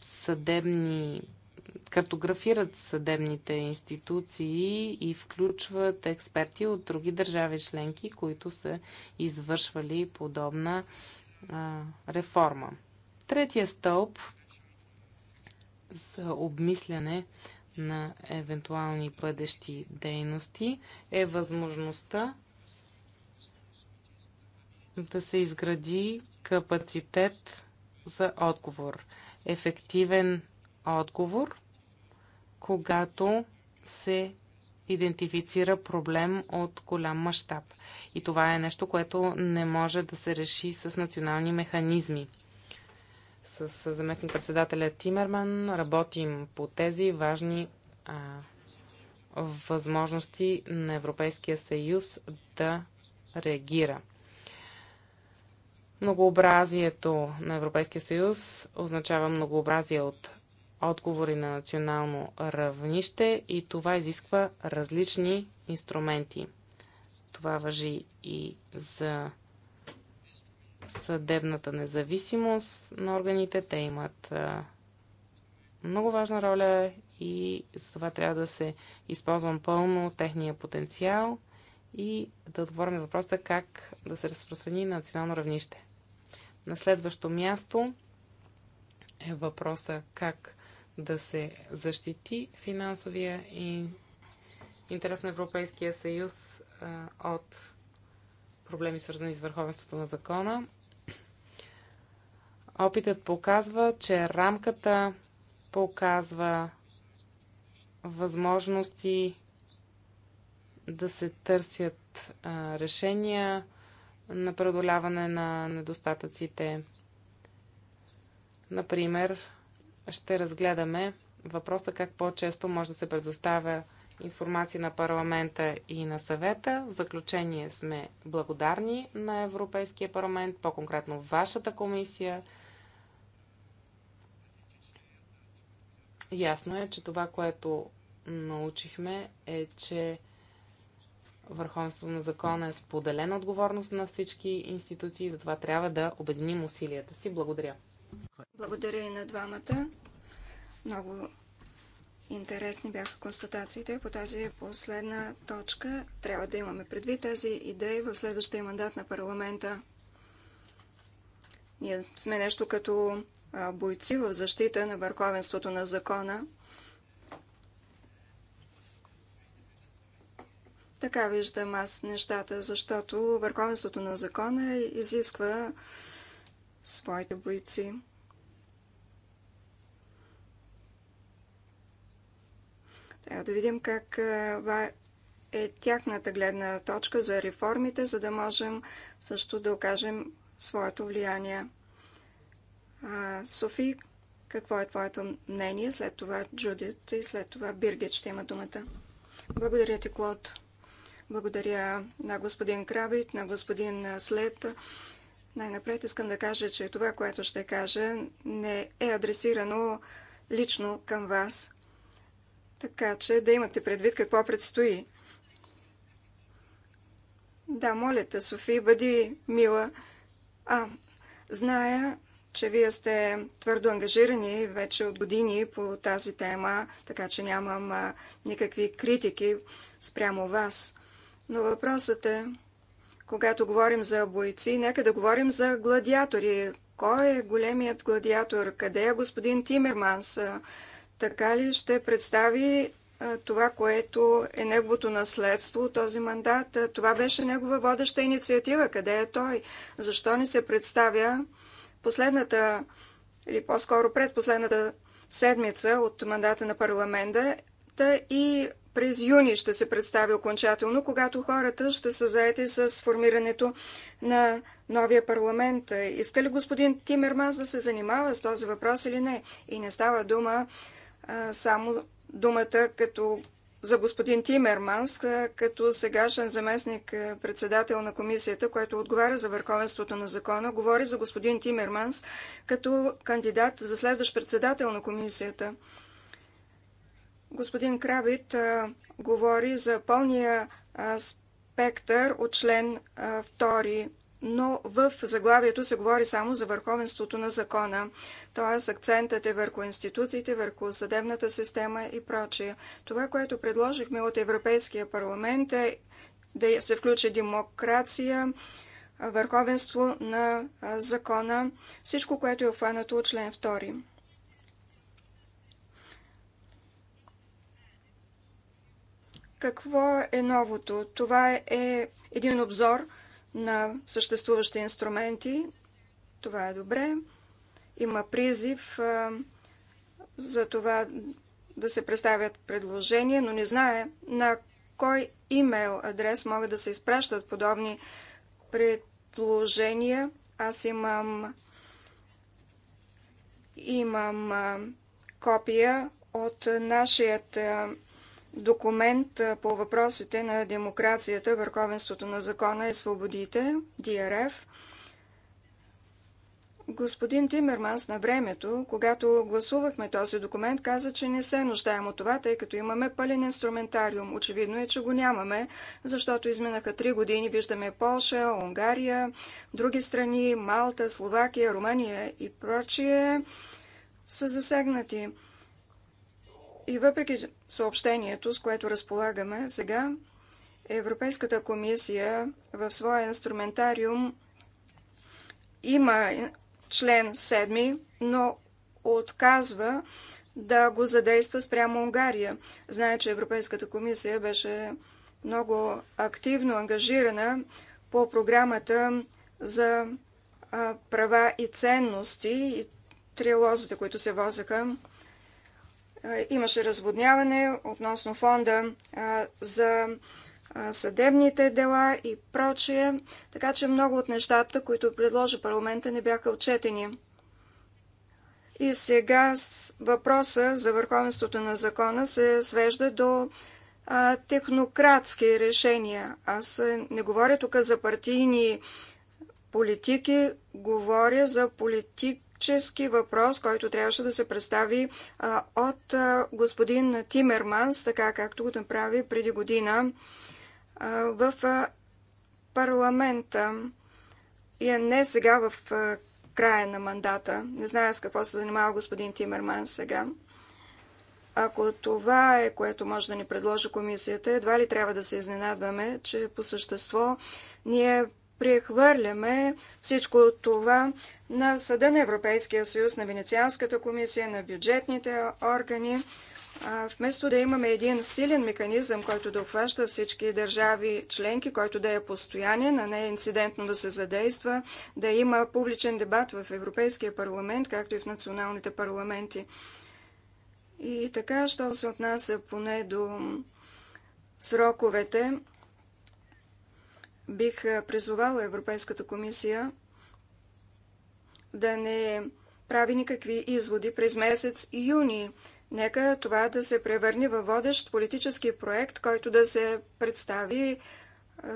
съдебни картографират съдебните институции и включват експерти от други държави членки, които са извършвали подобна а, реформа. Третия стълб за обмисляне на евентуални бъдещи дейности е възможността да се изгради капацитет за отговор, ефективен отговор, когато се идентифицира проблем от голям мащаб. И това е нещо, което не може да се реши с национални механизми. С заместник-председателя Тимерман работим по тези важни а, възможности на Европейския съюз да реагира. Многообразието на Европейския съюз означава многообразие от отговори на национално равнище и това изисква различни инструменти. Това въжи и за съдебната независимост на органите. Те имат много важна роля и за това трябва да се използвам пълно техния потенциал и да отговорим на въпроса как да се разпространи на национално равнище. На следващо място е въпроса как да се защити финансовия и интерес на Европейския съюз а, от проблеми, свързани с върховенството на закона. Опитът показва, че рамката показва възможности да се търсят а, решения на преодоляване на недостатъците. Например, ще разгледаме въпроса как по-често може да се предоставя информация на парламента и на съвета. В заключение сме благодарни на Европейския парламент, по-конкретно вашата комисия. Ясно е, че това, което научихме е, че върховенство на закона е споделена отговорност на всички институции, затова трябва да обединим усилията си. Благодаря. Благодаря и на двамата. Много интересни бяха констатациите по тази последна точка. Трябва да имаме предвид тези идеи в следващия мандат на парламента. Ние сме нещо като бойци в защита на върховенството на закона. Така виждам аз нещата, защото върховенството на закона изисква своите бойци. Трябва да видим как е тяхната гледна точка за реформите, за да можем също да окажем своето влияние. Софи, какво е твоето мнение? След това Джудит и след това Биргит ще има думата. Благодаря ти, Клод. Благодаря на господин Крабит, на господин След най-напред искам да кажа, че това, което ще кажа, не е адресирано лично към вас. Така че да имате предвид какво предстои. Да, моля те, Софи, бъди мила. А, зная, че вие сте твърдо ангажирани вече от години по тази тема, така че нямам никакви критики спрямо вас. Но въпросът е, когато говорим за бойци, нека да говорим за гладиатори. Кой е големият гладиатор? Къде е господин Тимерманс? Така ли ще представи това, което е неговото наследство, този мандат? Това беше негова водеща инициатива. Къде е той? Защо не се представя последната или по-скоро предпоследната седмица от мандата на парламента и през юни ще се представи окончателно, когато хората ще са заети с формирането на новия парламент. Иска ли господин Тимерманс да се занимава с този въпрос или не? И не става дума а, само думата като за господин Тимерманс, като сегашен заместник председател на комисията, който отговаря за върховенството на закона, говори за господин Тимерманс като кандидат за следващ председател на комисията. Господин Крабит а, говори за пълния а, спектър от член а, 2, но в заглавието се говори само за върховенството на закона. Тоест акцентът е върху институциите, върху съдебната система и прочие. Това, което предложихме от Европейския парламент е да се включи демокрация, върховенство на закона, всичко, което е обхванато от член 2. Какво е новото? Това е един обзор на съществуващи инструменти. Това е добре. Има призив за това да се представят предложения, но не знае на кой имейл адрес могат да се изпращат подобни предложения. Аз имам, имам копия от нашият документ по въпросите на демокрацията, върховенството на закона и свободите, ДРФ. Господин Тимерманс на времето, когато гласувахме този документ, каза, че не се нуждаем от това, тъй като имаме пълен инструментариум. Очевидно е, че го нямаме, защото изминаха три години. Виждаме Полша, Унгария, други страни, Малта, Словакия, Румъния и прочие са засегнати. И въпреки съобщението, с което разполагаме сега, Европейската комисия в своя инструментариум има член 7, но отказва да го задейства спрямо Унгария. Знае, че Европейската комисия беше много активно ангажирана по програмата за права и ценности и трилозите, които се возеха е, имаше разводняване относно фонда е, за е, съдебните дела и прочие, така че много от нещата, които предложи парламента, не бяха отчетени. И сега въпроса за върховенството на закона се свежда до технократски решения. Аз не говоря тук за партийни политики, говоря за политики политически въпрос, който трябваше да се представи от господин Тимерманс, така както го направи преди година в парламента. И е не сега в края на мандата. Не знае с какво се занимава господин Тимерман сега. Ако това е, което може да ни предложи комисията, едва ли трябва да се изненадваме, че по същество ние прехвърляме всичко това на Съда на Европейския съюз, на Венецианската комисия, на бюджетните органи, вместо да имаме един силен механизъм, който да обхваща всички държави членки, който да е постоянен, а не инцидентно да се задейства, да има публичен дебат в Европейския парламент, както и в националните парламенти. И така, що се отнася поне до сроковете, бих призовала Европейската комисия да не прави никакви изводи през месец юни. Нека това да се превърне във водещ политически проект, който да се представи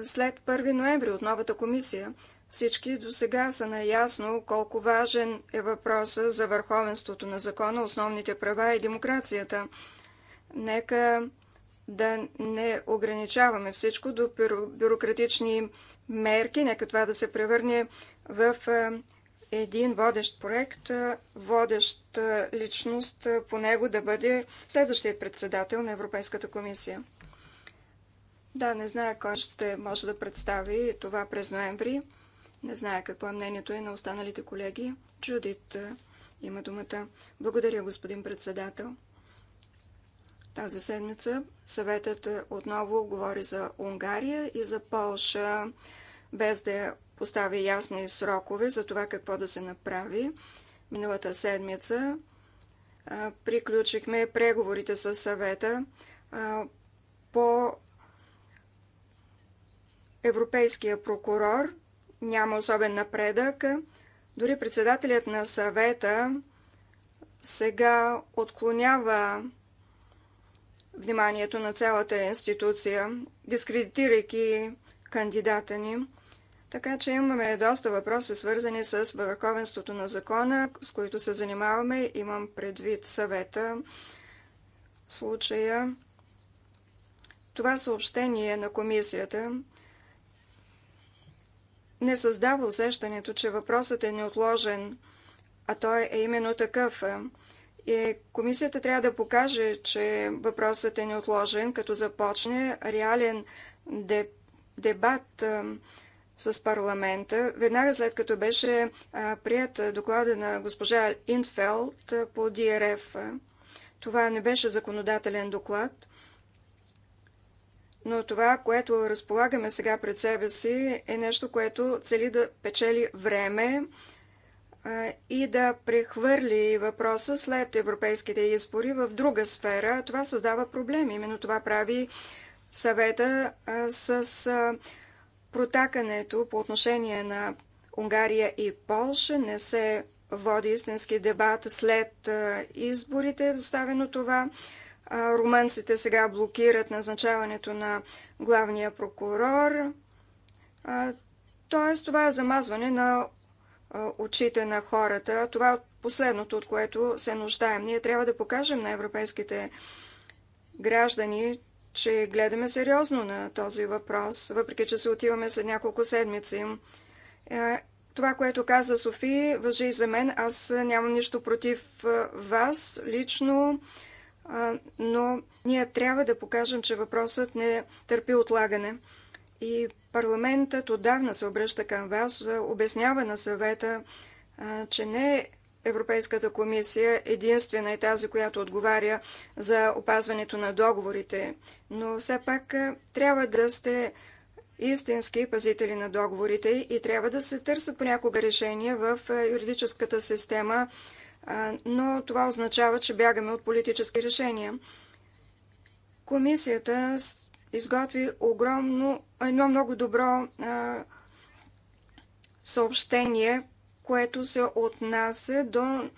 след 1 ноември от новата комисия. Всички до сега са наясно колко важен е въпроса за върховенството на закона, основните права и демокрацията. Нека да не ограничаваме всичко до бюрократични мерки. Нека това да се превърне в един водещ проект, водещ личност по него да бъде следващият председател на Европейската комисия. Да, не зная кой ще може да представи това през ноември. Не знае какво е мнението и на останалите колеги. Джудит има думата. Благодаря, господин председател. Тази седмица съветът отново говори за Унгария и за Полша, без да поставя ясни срокове за това какво да се направи. Миналата седмица приключихме преговорите с съвета по европейския прокурор. Няма особен напредък. Дори председателят на съвета сега отклонява вниманието на цялата институция, дискредитирайки кандидата ни. Така че имаме доста въпроси, свързани с върховенството на закона, с които се занимаваме. Имам предвид съвета в случая. Това съобщение на комисията не създава усещането, че въпросът е неотложен, а той е именно такъв – и комисията трябва да покаже, че въпросът е неотложен, като започне реален дебат с парламента. Веднага след като беше прият доклада на госпожа Интфелд по ДРФ, това не беше законодателен доклад, но това, което разполагаме сега пред себе си, е нещо, което цели да печели време, и да прехвърли въпроса след европейските избори в друга сфера. Това създава проблеми. Именно това прави съвета с протакането по отношение на Унгария и Полша. Не се води истински дебат след изборите, доставено това. Румънците сега блокират назначаването на главния прокурор. Тоест, това е замазване на очите на хората. Това е последното, от което се нуждаем. Ние трябва да покажем на европейските граждани, че гледаме сериозно на този въпрос, въпреки че се отиваме след няколко седмици. Е, това, което каза Софи, въжи и за мен. Аз нямам нищо против е, вас лично, е, но ние трябва да покажем, че въпросът не търпи отлагане. И парламентът отдавна се обръща към вас, е, обяснява на съвета, е, че не Европейската комисия е единствена е тази, която отговаря за опазването на договорите, но все пак трябва да сте истински пазители на договорите и трябва да се търсят понякога решения в юридическата система, но това означава, че бягаме от политически решения. Комисията изготви огромно, едно много добро а, съобщение, което се отнася до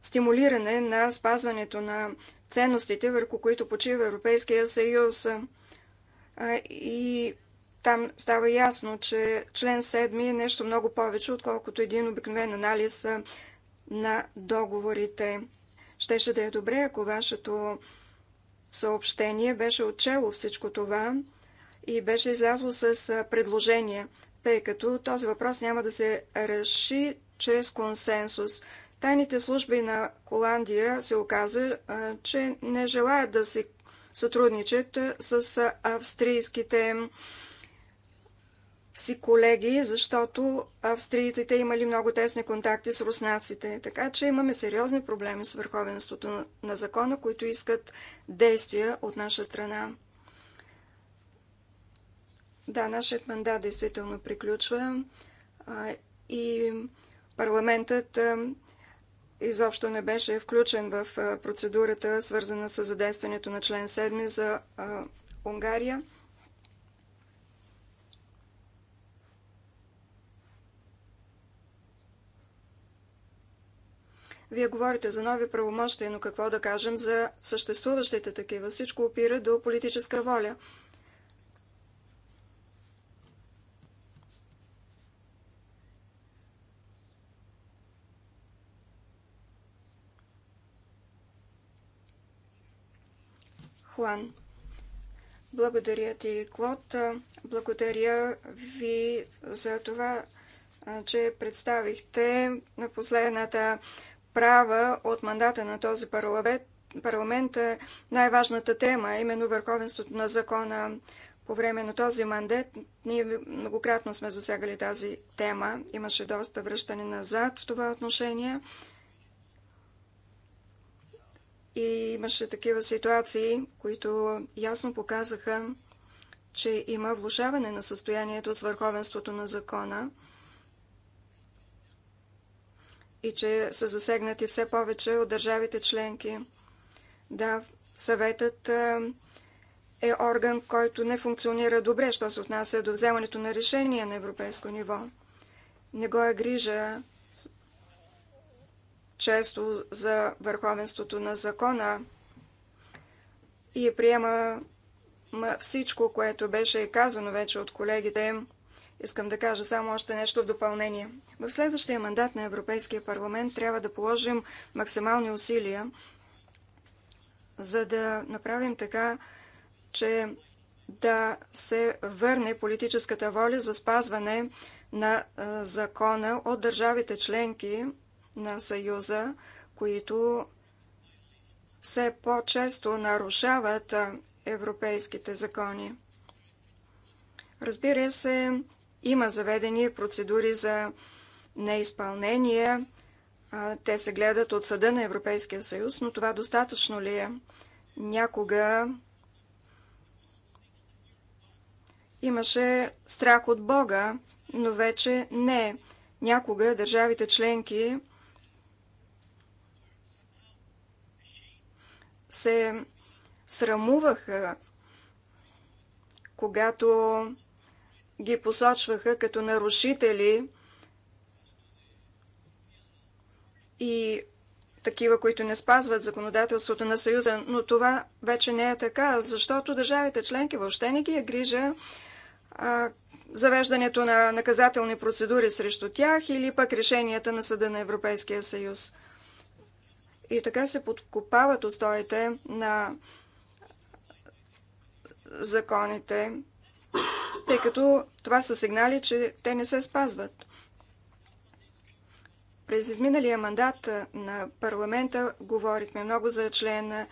стимулиране на спазването на ценностите, върху които почива Европейския съюз. А, и там става ясно, че член 7 е нещо много повече, отколкото един обикновен анализ на договорите. Щеше да е добре, ако вашето съобщение беше отчело всичко това и беше излязло с предложение, тъй като този въпрос няма да се реши чрез консенсус. Тайните служби на Холандия се оказа, че не желаят да се сътрудничат с австрийските си колеги, защото австрийците имали много тесни контакти с руснаците. Така че имаме сериозни проблеми с върховенството на закона, които искат действия от наша страна. Да, нашият мандат действително приключва и парламентът изобщо не беше включен в процедурата, свързана с задействането на член 7 за Унгария. Вие говорите за нови правомощия, но какво да кажем за съществуващите такива? Всичко опира до политическа воля. Хуан. Благодаря ти, Клод. Благодаря ви за това, че представихте на последната права от мандата на този парламент, парламент е най-важната тема, именно върховенството на закона. По време на този мандат ние многократно сме засягали тази тема. Имаше доста връщане назад в това отношение. И имаше такива ситуации, които ясно показаха, че има влушаване на състоянието с върховенството на закона – и че са засегнати все повече от държавите членки. Да, съветът е, е орган, който не функционира добре, що се отнася до вземането на решения на европейско ниво. Не го е грижа често за върховенството на закона и приема всичко, което беше казано вече от колегите им Искам да кажа само още нещо в допълнение. В следващия мандат на Европейския парламент трябва да положим максимални усилия, за да направим така, че да се върне политическата воля за спазване на закона от държавите членки на Съюза, които все по-често нарушават европейските закони. Разбира се, има заведени процедури за неизпълнение. Те се гледат от Съда на Европейския съюз, но това достатъчно ли е? Някога имаше страх от Бога, но вече не. Някога държавите членки се срамуваха, когато ги посочваха като нарушители и такива, които не спазват законодателството на Съюза, но това вече не е така, защото държавите членки въобще не ги е грижа а, завеждането на наказателни процедури срещу тях или пък решенията на Съда на Европейския съюз. И така се подкопават устоите на законите тъй като това са сигнали, че те не се спазват. През изминалия мандат на парламента говорихме много за член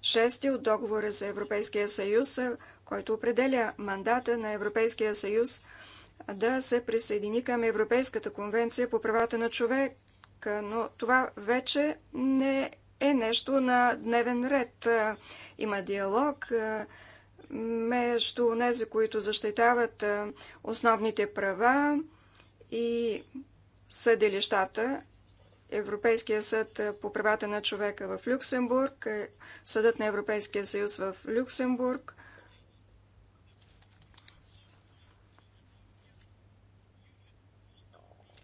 6 от договора за Европейския съюз, който определя мандата на Европейския съюз да се присъедини към Европейската конвенция по правата на човека, но това вече не е нещо на дневен ред. Има диалог, между тези, които защитават основните права и съдилищата. Европейския съд по правата на човека в Люксембург, е, Съдът на Европейския съюз в Люксембург.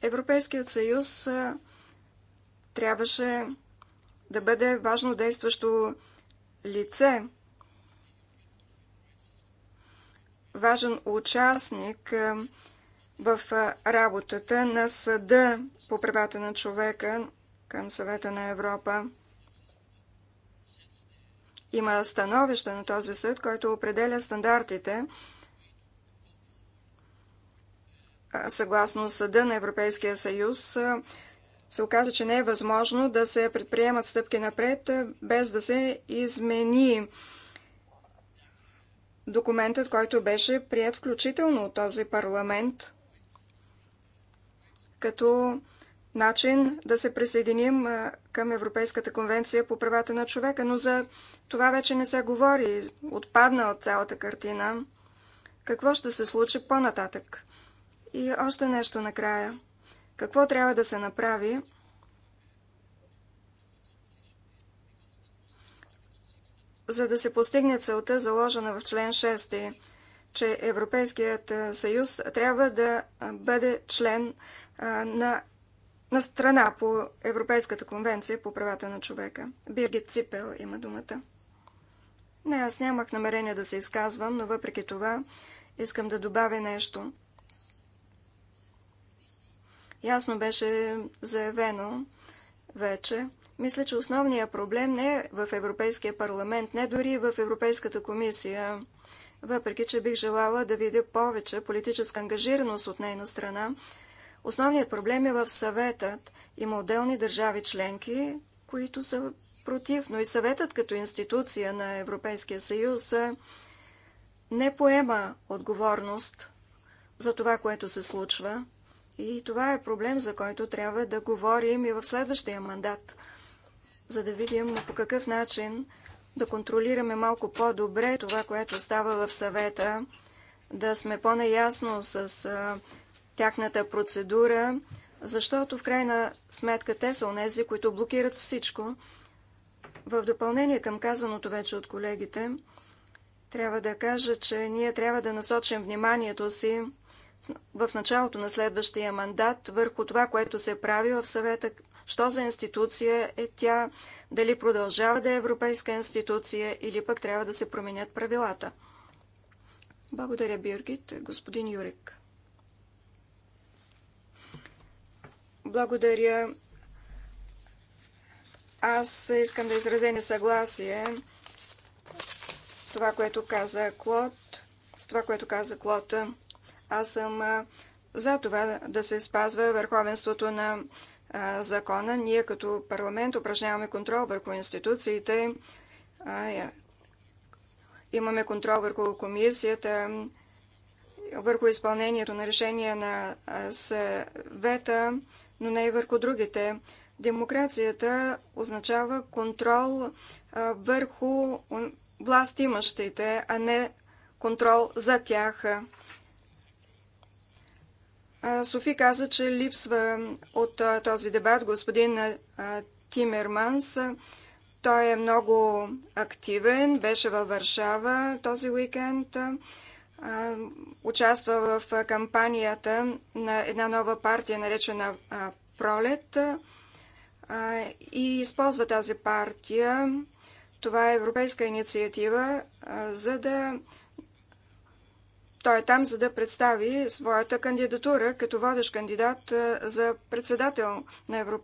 Европейският съюз трябваше да бъде важно действащо лице – важен участник е, в е, работата на Съда по правата на човека към Съвета на Европа. Има становище на този съд, който определя стандартите съгласно Съда на Европейския съюз е, се оказа, че не е възможно да се предприемат стъпки напред, без да се измени документът, който беше прият включително от този парламент, като начин да се присъединим към Европейската конвенция по правата на човека, но за това вече не се говори, отпадна от цялата картина. Какво ще се случи по-нататък? И още нещо накрая. Какво трябва да се направи, за да се постигне целта, заложена в член 6, че Европейският съюз трябва да бъде член на, на страна по Европейската конвенция по правата на човека. Биргит Ципел има думата. Не, аз нямах намерение да се изказвам, но въпреки това искам да добавя нещо. Ясно беше заявено вече, мисля, че основният проблем не е в Европейския парламент, не дори в Европейската комисия, въпреки че бих желала да видя повече политическа ангажираност от нейна страна. Основният проблем е в съветът. Има отделни държави членки, които са против, но и съветът като институция на Европейския съюз не поема отговорност за това, което се случва. И това е проблем, за който трябва да говорим и в следващия мандат – за да видим по какъв начин да контролираме малко по-добре това, което става в съвета, да сме по-наясно с а, тяхната процедура, защото в крайна сметка те са онези, които блокират всичко. В допълнение към казаното вече от колегите, трябва да кажа, че ние трябва да насочим вниманието си в началото на следващия мандат върху това, което се прави в съвета Що за институция е тя? Дали продължава да е европейска институция или пък трябва да се променят правилата? Благодаря, Биргит. Господин Юрик. Благодаря. Аз искам да изразя несъгласие това, което каза Клод, с това, което каза Клод. Аз съм за това да се спазва върховенството на закона. Ние като парламент упражняваме контрол върху институциите, имаме контрол върху комисията, върху изпълнението на решения на съвета, но не и върху другите. Демокрацията означава контрол върху властимащите, а не контрол за тях. Софи каза, че липсва от този дебат господин Тимерманс. Той е много активен, беше във Варшава този уикенд, участва в кампанията на една нова партия, наречена Пролет, и използва тази партия. Това е европейска инициатива, за да той е там, за да представи своята кандидатура като водещ кандидат за председател на Европ...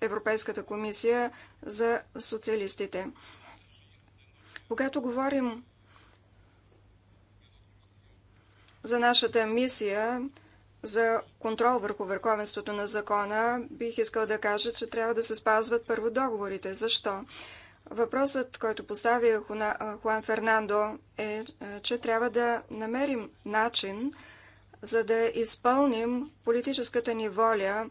Европейската комисия за социалистите. Когато говорим за нашата мисия за контрол върху върховенството на закона, бих искал да кажа, че трябва да се спазват първо договорите. Защо? Въпросът, който поставя Хуан Фернандо е, е, че трябва да намерим начин, за да изпълним политическата ни воля.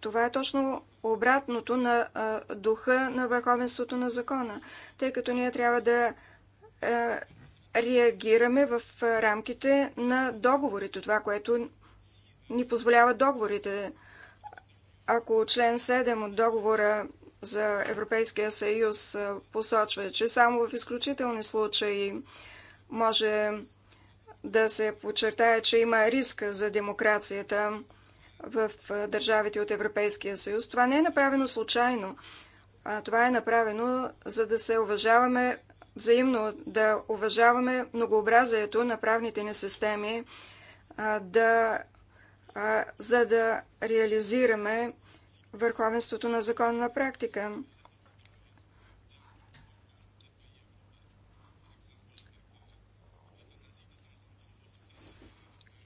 Това е точно обратното на духа на върховенството на закона, тъй като ние трябва да реагираме в рамките на договорите, това, което ни позволява договорите. Ако член 7 от договора за Европейския съюз посочва, че само в изключителни случаи може да се подчертае, че има риск за демокрацията в държавите от Европейския съюз. Това не е направено случайно. А това е направено, за да се уважаваме взаимно, да уважаваме многообразието на правните ни системи, да, за да реализираме върховенството на законна практика.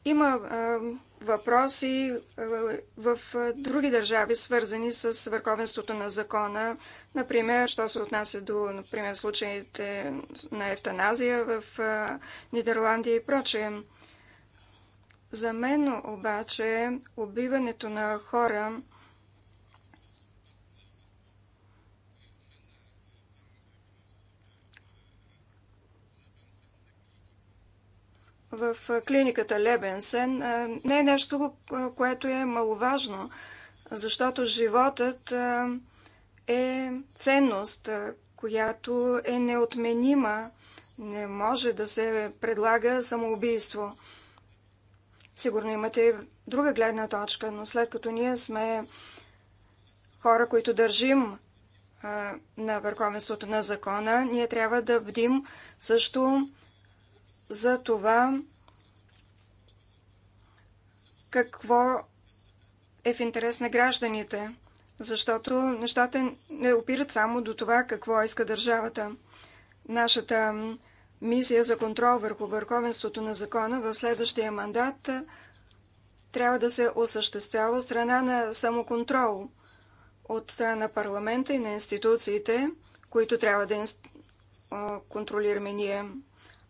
Има а, въпроси а, в други държави, свързани с върховенството на закона. Например, що се отнася до например, случаите на евтаназия в а, Нидерландия и прочее. За мен обаче убиването на хора в клиниката Лебенсен не е нещо, което е маловажно, защото животът е ценност, която е неотменима. Не може да се предлага самоубийство. Сигурно имате и друга гледна точка, но след като ние сме хора, които държим на върховенството на закона, ние трябва да бдим също за това какво е в интерес на гражданите, защото нещата не опират само до това какво иска държавата. Нашата мисия за контрол върху върховенството на закона в следващия мандат трябва да се осъществява от страна на самоконтрол, от страна на парламента и на институциите, които трябва да контролираме ние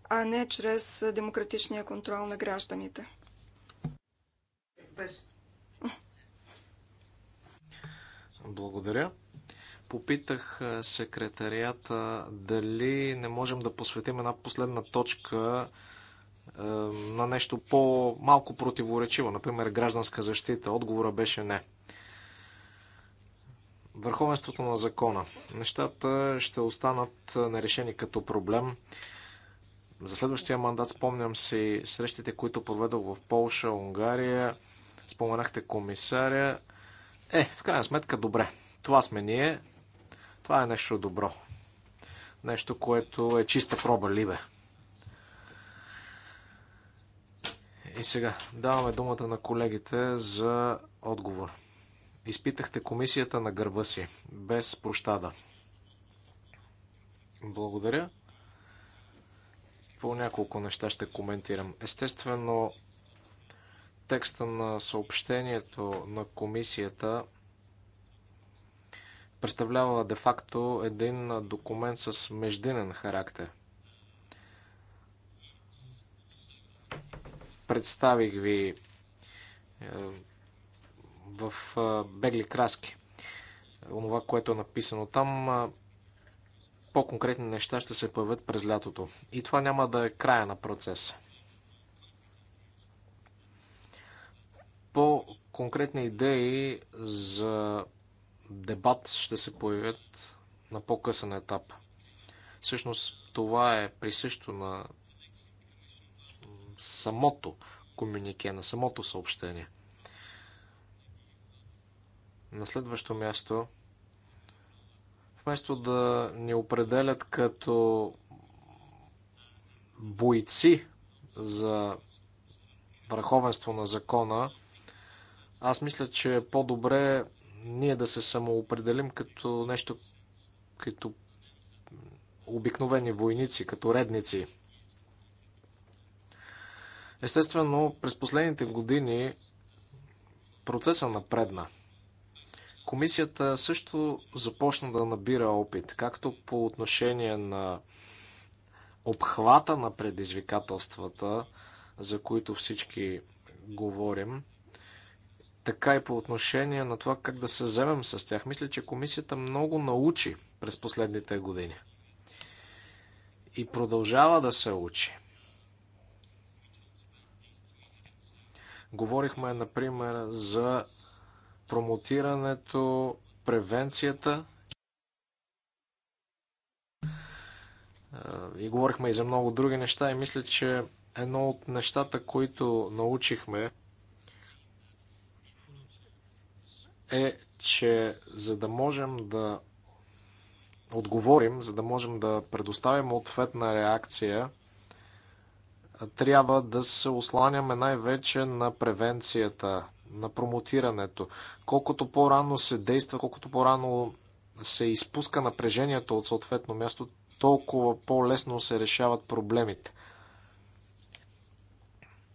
а не чрез демократичния контрол на гражданите. Благодаря. Попитах е, секретарията дали не можем да посветим една последна точка е, на нещо по-малко противоречиво, например гражданска защита. Отговора беше не. Върховенството на закона. Нещата ще останат е, нерешени като проблем. За следващия мандат спомням си срещите, които проведох в Полша, Унгария. Споменахте комисаря. Е, в крайна сметка, добре. Това сме ние. Това е нещо добро. Нещо, което е чиста проба, либе. И сега даваме думата на колегите за отговор. Изпитахте комисията на гърба си, без прощада. Благодаря. По няколко неща ще коментирам. Естествено, текста на съобщението на комисията представлява де-факто един документ с междинен характер. Представих ви е, в е, бегли краски онова, което е написано там. Е, по-конкретни неща ще се появят през лятото. И това няма да е края на процеса. По-конкретни идеи за дебат ще се появят на по-късен етап. Всъщност това е присъщо на самото комюнике, на самото съобщение. На следващо място Вместо да ни определят като бойци за върховенство на закона, аз мисля, че е по-добре ние да се самоопределим като нещо, като обикновени войници, като редници. Естествено, през последните години процеса напредна. Комисията също започна да набира опит, както по отношение на обхвата на предизвикателствата, за които всички говорим, така и по отношение на това как да се вземем с тях. Мисля, че комисията много научи през последните години и продължава да се учи. Говорихме, например, за промотирането, превенцията. Е, и говорихме и за много други неща и мисля, че едно от нещата, които научихме е, че за да можем да отговорим, за да можем да предоставим ответна реакция, трябва да се осланяме най-вече на превенцията на промотирането. Колкото по-рано се действа, колкото по-рано се изпуска напрежението от съответно място, толкова по-лесно се решават проблемите.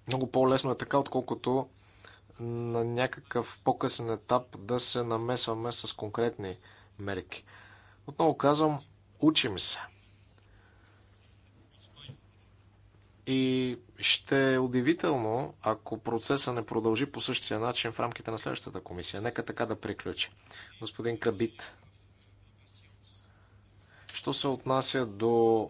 Много по-лесно е така, отколкото на някакъв по-късен етап да се намесваме с конкретни мерки. Отново казвам, учим се. И ще е удивително, ако процеса не продължи по същия начин в рамките на следващата комисия. Нека така да приключи. Господин Крабит, що се отнася до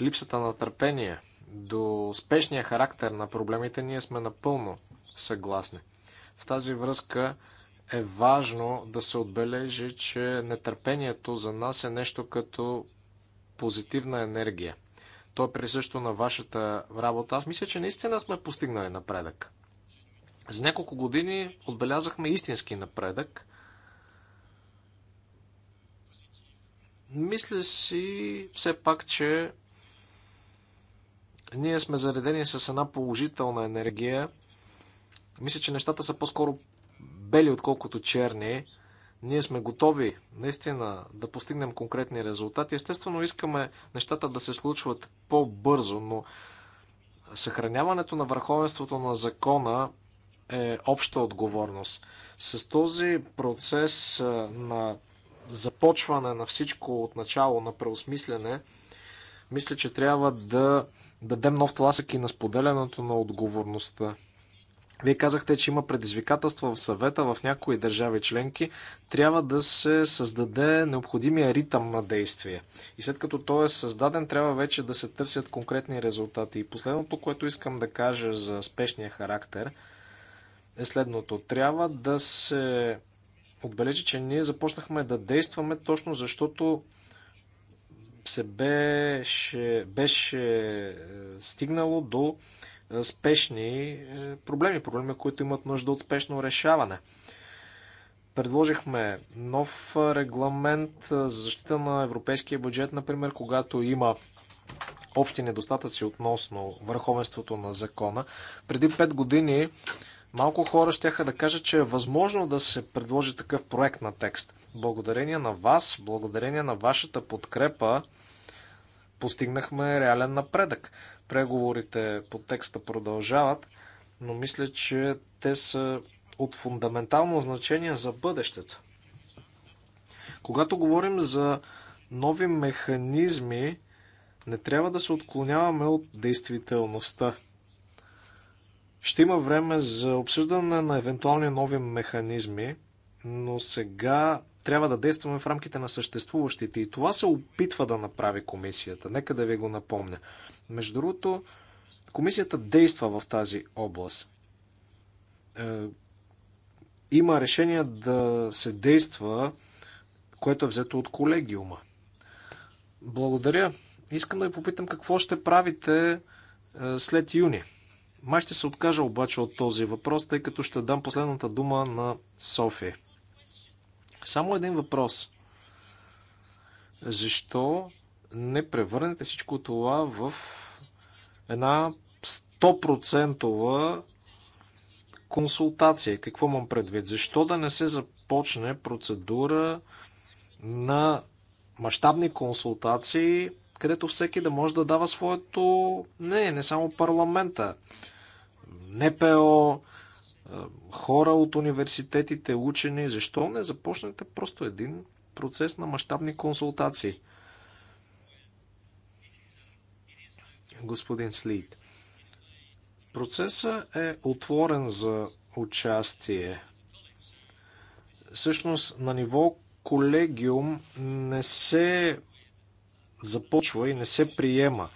липсата на търпение, до спешния характер на проблемите, ние сме напълно съгласни. В тази връзка е важно да се отбележи, че нетърпението за нас е нещо като позитивна енергия. Той е присъщо на вашата работа. Аз мисля, че наистина сме постигнали напредък. За няколко години отбелязахме истински напредък. Мисля си все пак, че ние сме заредени с една положителна енергия. Мисля, че нещата са по-скоро бели, отколкото черни. Ние сме готови наистина да постигнем конкретни резултати. Естествено, искаме нещата да се случват по-бързо, но съхраняването на върховенството на закона е обща отговорност. С този процес на започване на всичко от начало на преосмислене, мисля, че трябва да дадем нов тласък и на споделянето на отговорността. Вие казахте, че има предизвикателства в съвета в някои държави членки. Трябва да се създаде необходимия ритъм на действие. И след като той е създаден, трябва вече да се търсят конкретни резултати. И последното, което искам да кажа за спешния характер, е следното. Трябва да се отбележи, че ние започнахме да действаме точно защото се беше, беше е, стигнало до е, спешни е, проблеми, проблеми, които имат нужда от спешно решаване. Предложихме нов регламент е, за защита на европейския бюджет, например, когато има общи недостатъци относно върховенството на закона. Преди 5 години малко хора щяха да кажат, че е възможно да се предложи такъв проект на текст. Благодарение на вас, благодарение на вашата подкрепа, постигнахме реален напредък. Преговорите по текста продължават, но мисля, че те са от фундаментално значение за бъдещето. Когато говорим за нови механизми, не трябва да се отклоняваме от действителността. Ще има време за обсъждане на евентуални нови механизми, но сега трябва да действаме в рамките на съществуващите и това се опитва да направи комисията. Нека да ви го напомня. Между другото, комисията действа в тази област. Е, има решение да се действа, което е взето от колегиума. Благодаря. Искам да ви попитам какво ще правите е, след юни. Май ще се откажа обаче от този въпрос, тъй като ще дам последната дума на София. Само един въпрос. Защо не превърнете всичко това в една 100% консултация. Какво имам предвид? Защо да не се започне процедура на мащабни консултации, където всеки да може да дава своето не, не само парламента, НПО, хора от университетите, учени. Защо не започнете просто един процес на мащабни консултации? господин Слит. Процесът е отворен за участие. Всъщност на ниво колегиум не се започва и не се приема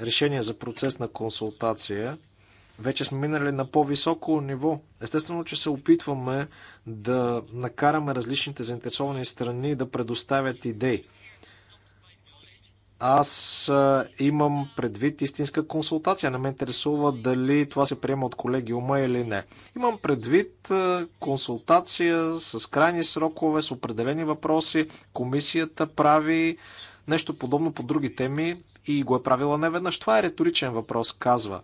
решение за процес на консултация. Вече сме минали на по-високо ниво. Естествено, че се опитваме да накараме различните заинтересовани страни да предоставят идеи аз имам предвид истинска консултация. Не ме интересува дали това се приема от колегиума или не. Имам предвид консултация с крайни срокове, с определени въпроси. Комисията прави нещо подобно по други теми и го е правила не веднъж. Това е риторичен въпрос, казва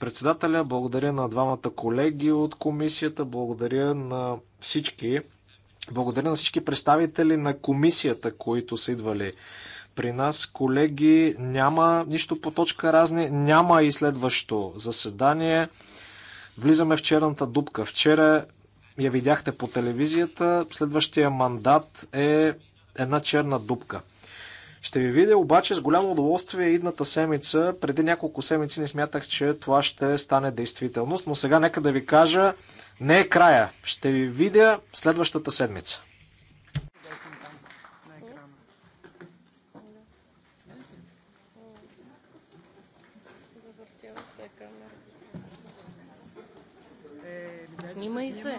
председателя. Благодаря на двамата колеги от комисията. Благодаря на всички. Благодаря на всички представители на комисията, които са идвали при нас, колеги, няма нищо по точка разни, няма и следващо заседание. Влизаме в черната дупка. Вчера я видяхте по телевизията, следващия мандат е една черна дупка. Ще ви видя обаче с голямо удоволствие идната седмица. Преди няколко седмици не смятах, че това ще стане действителност, но сега нека да ви кажа, не е края. Ще ви видя следващата седмица. Има и се.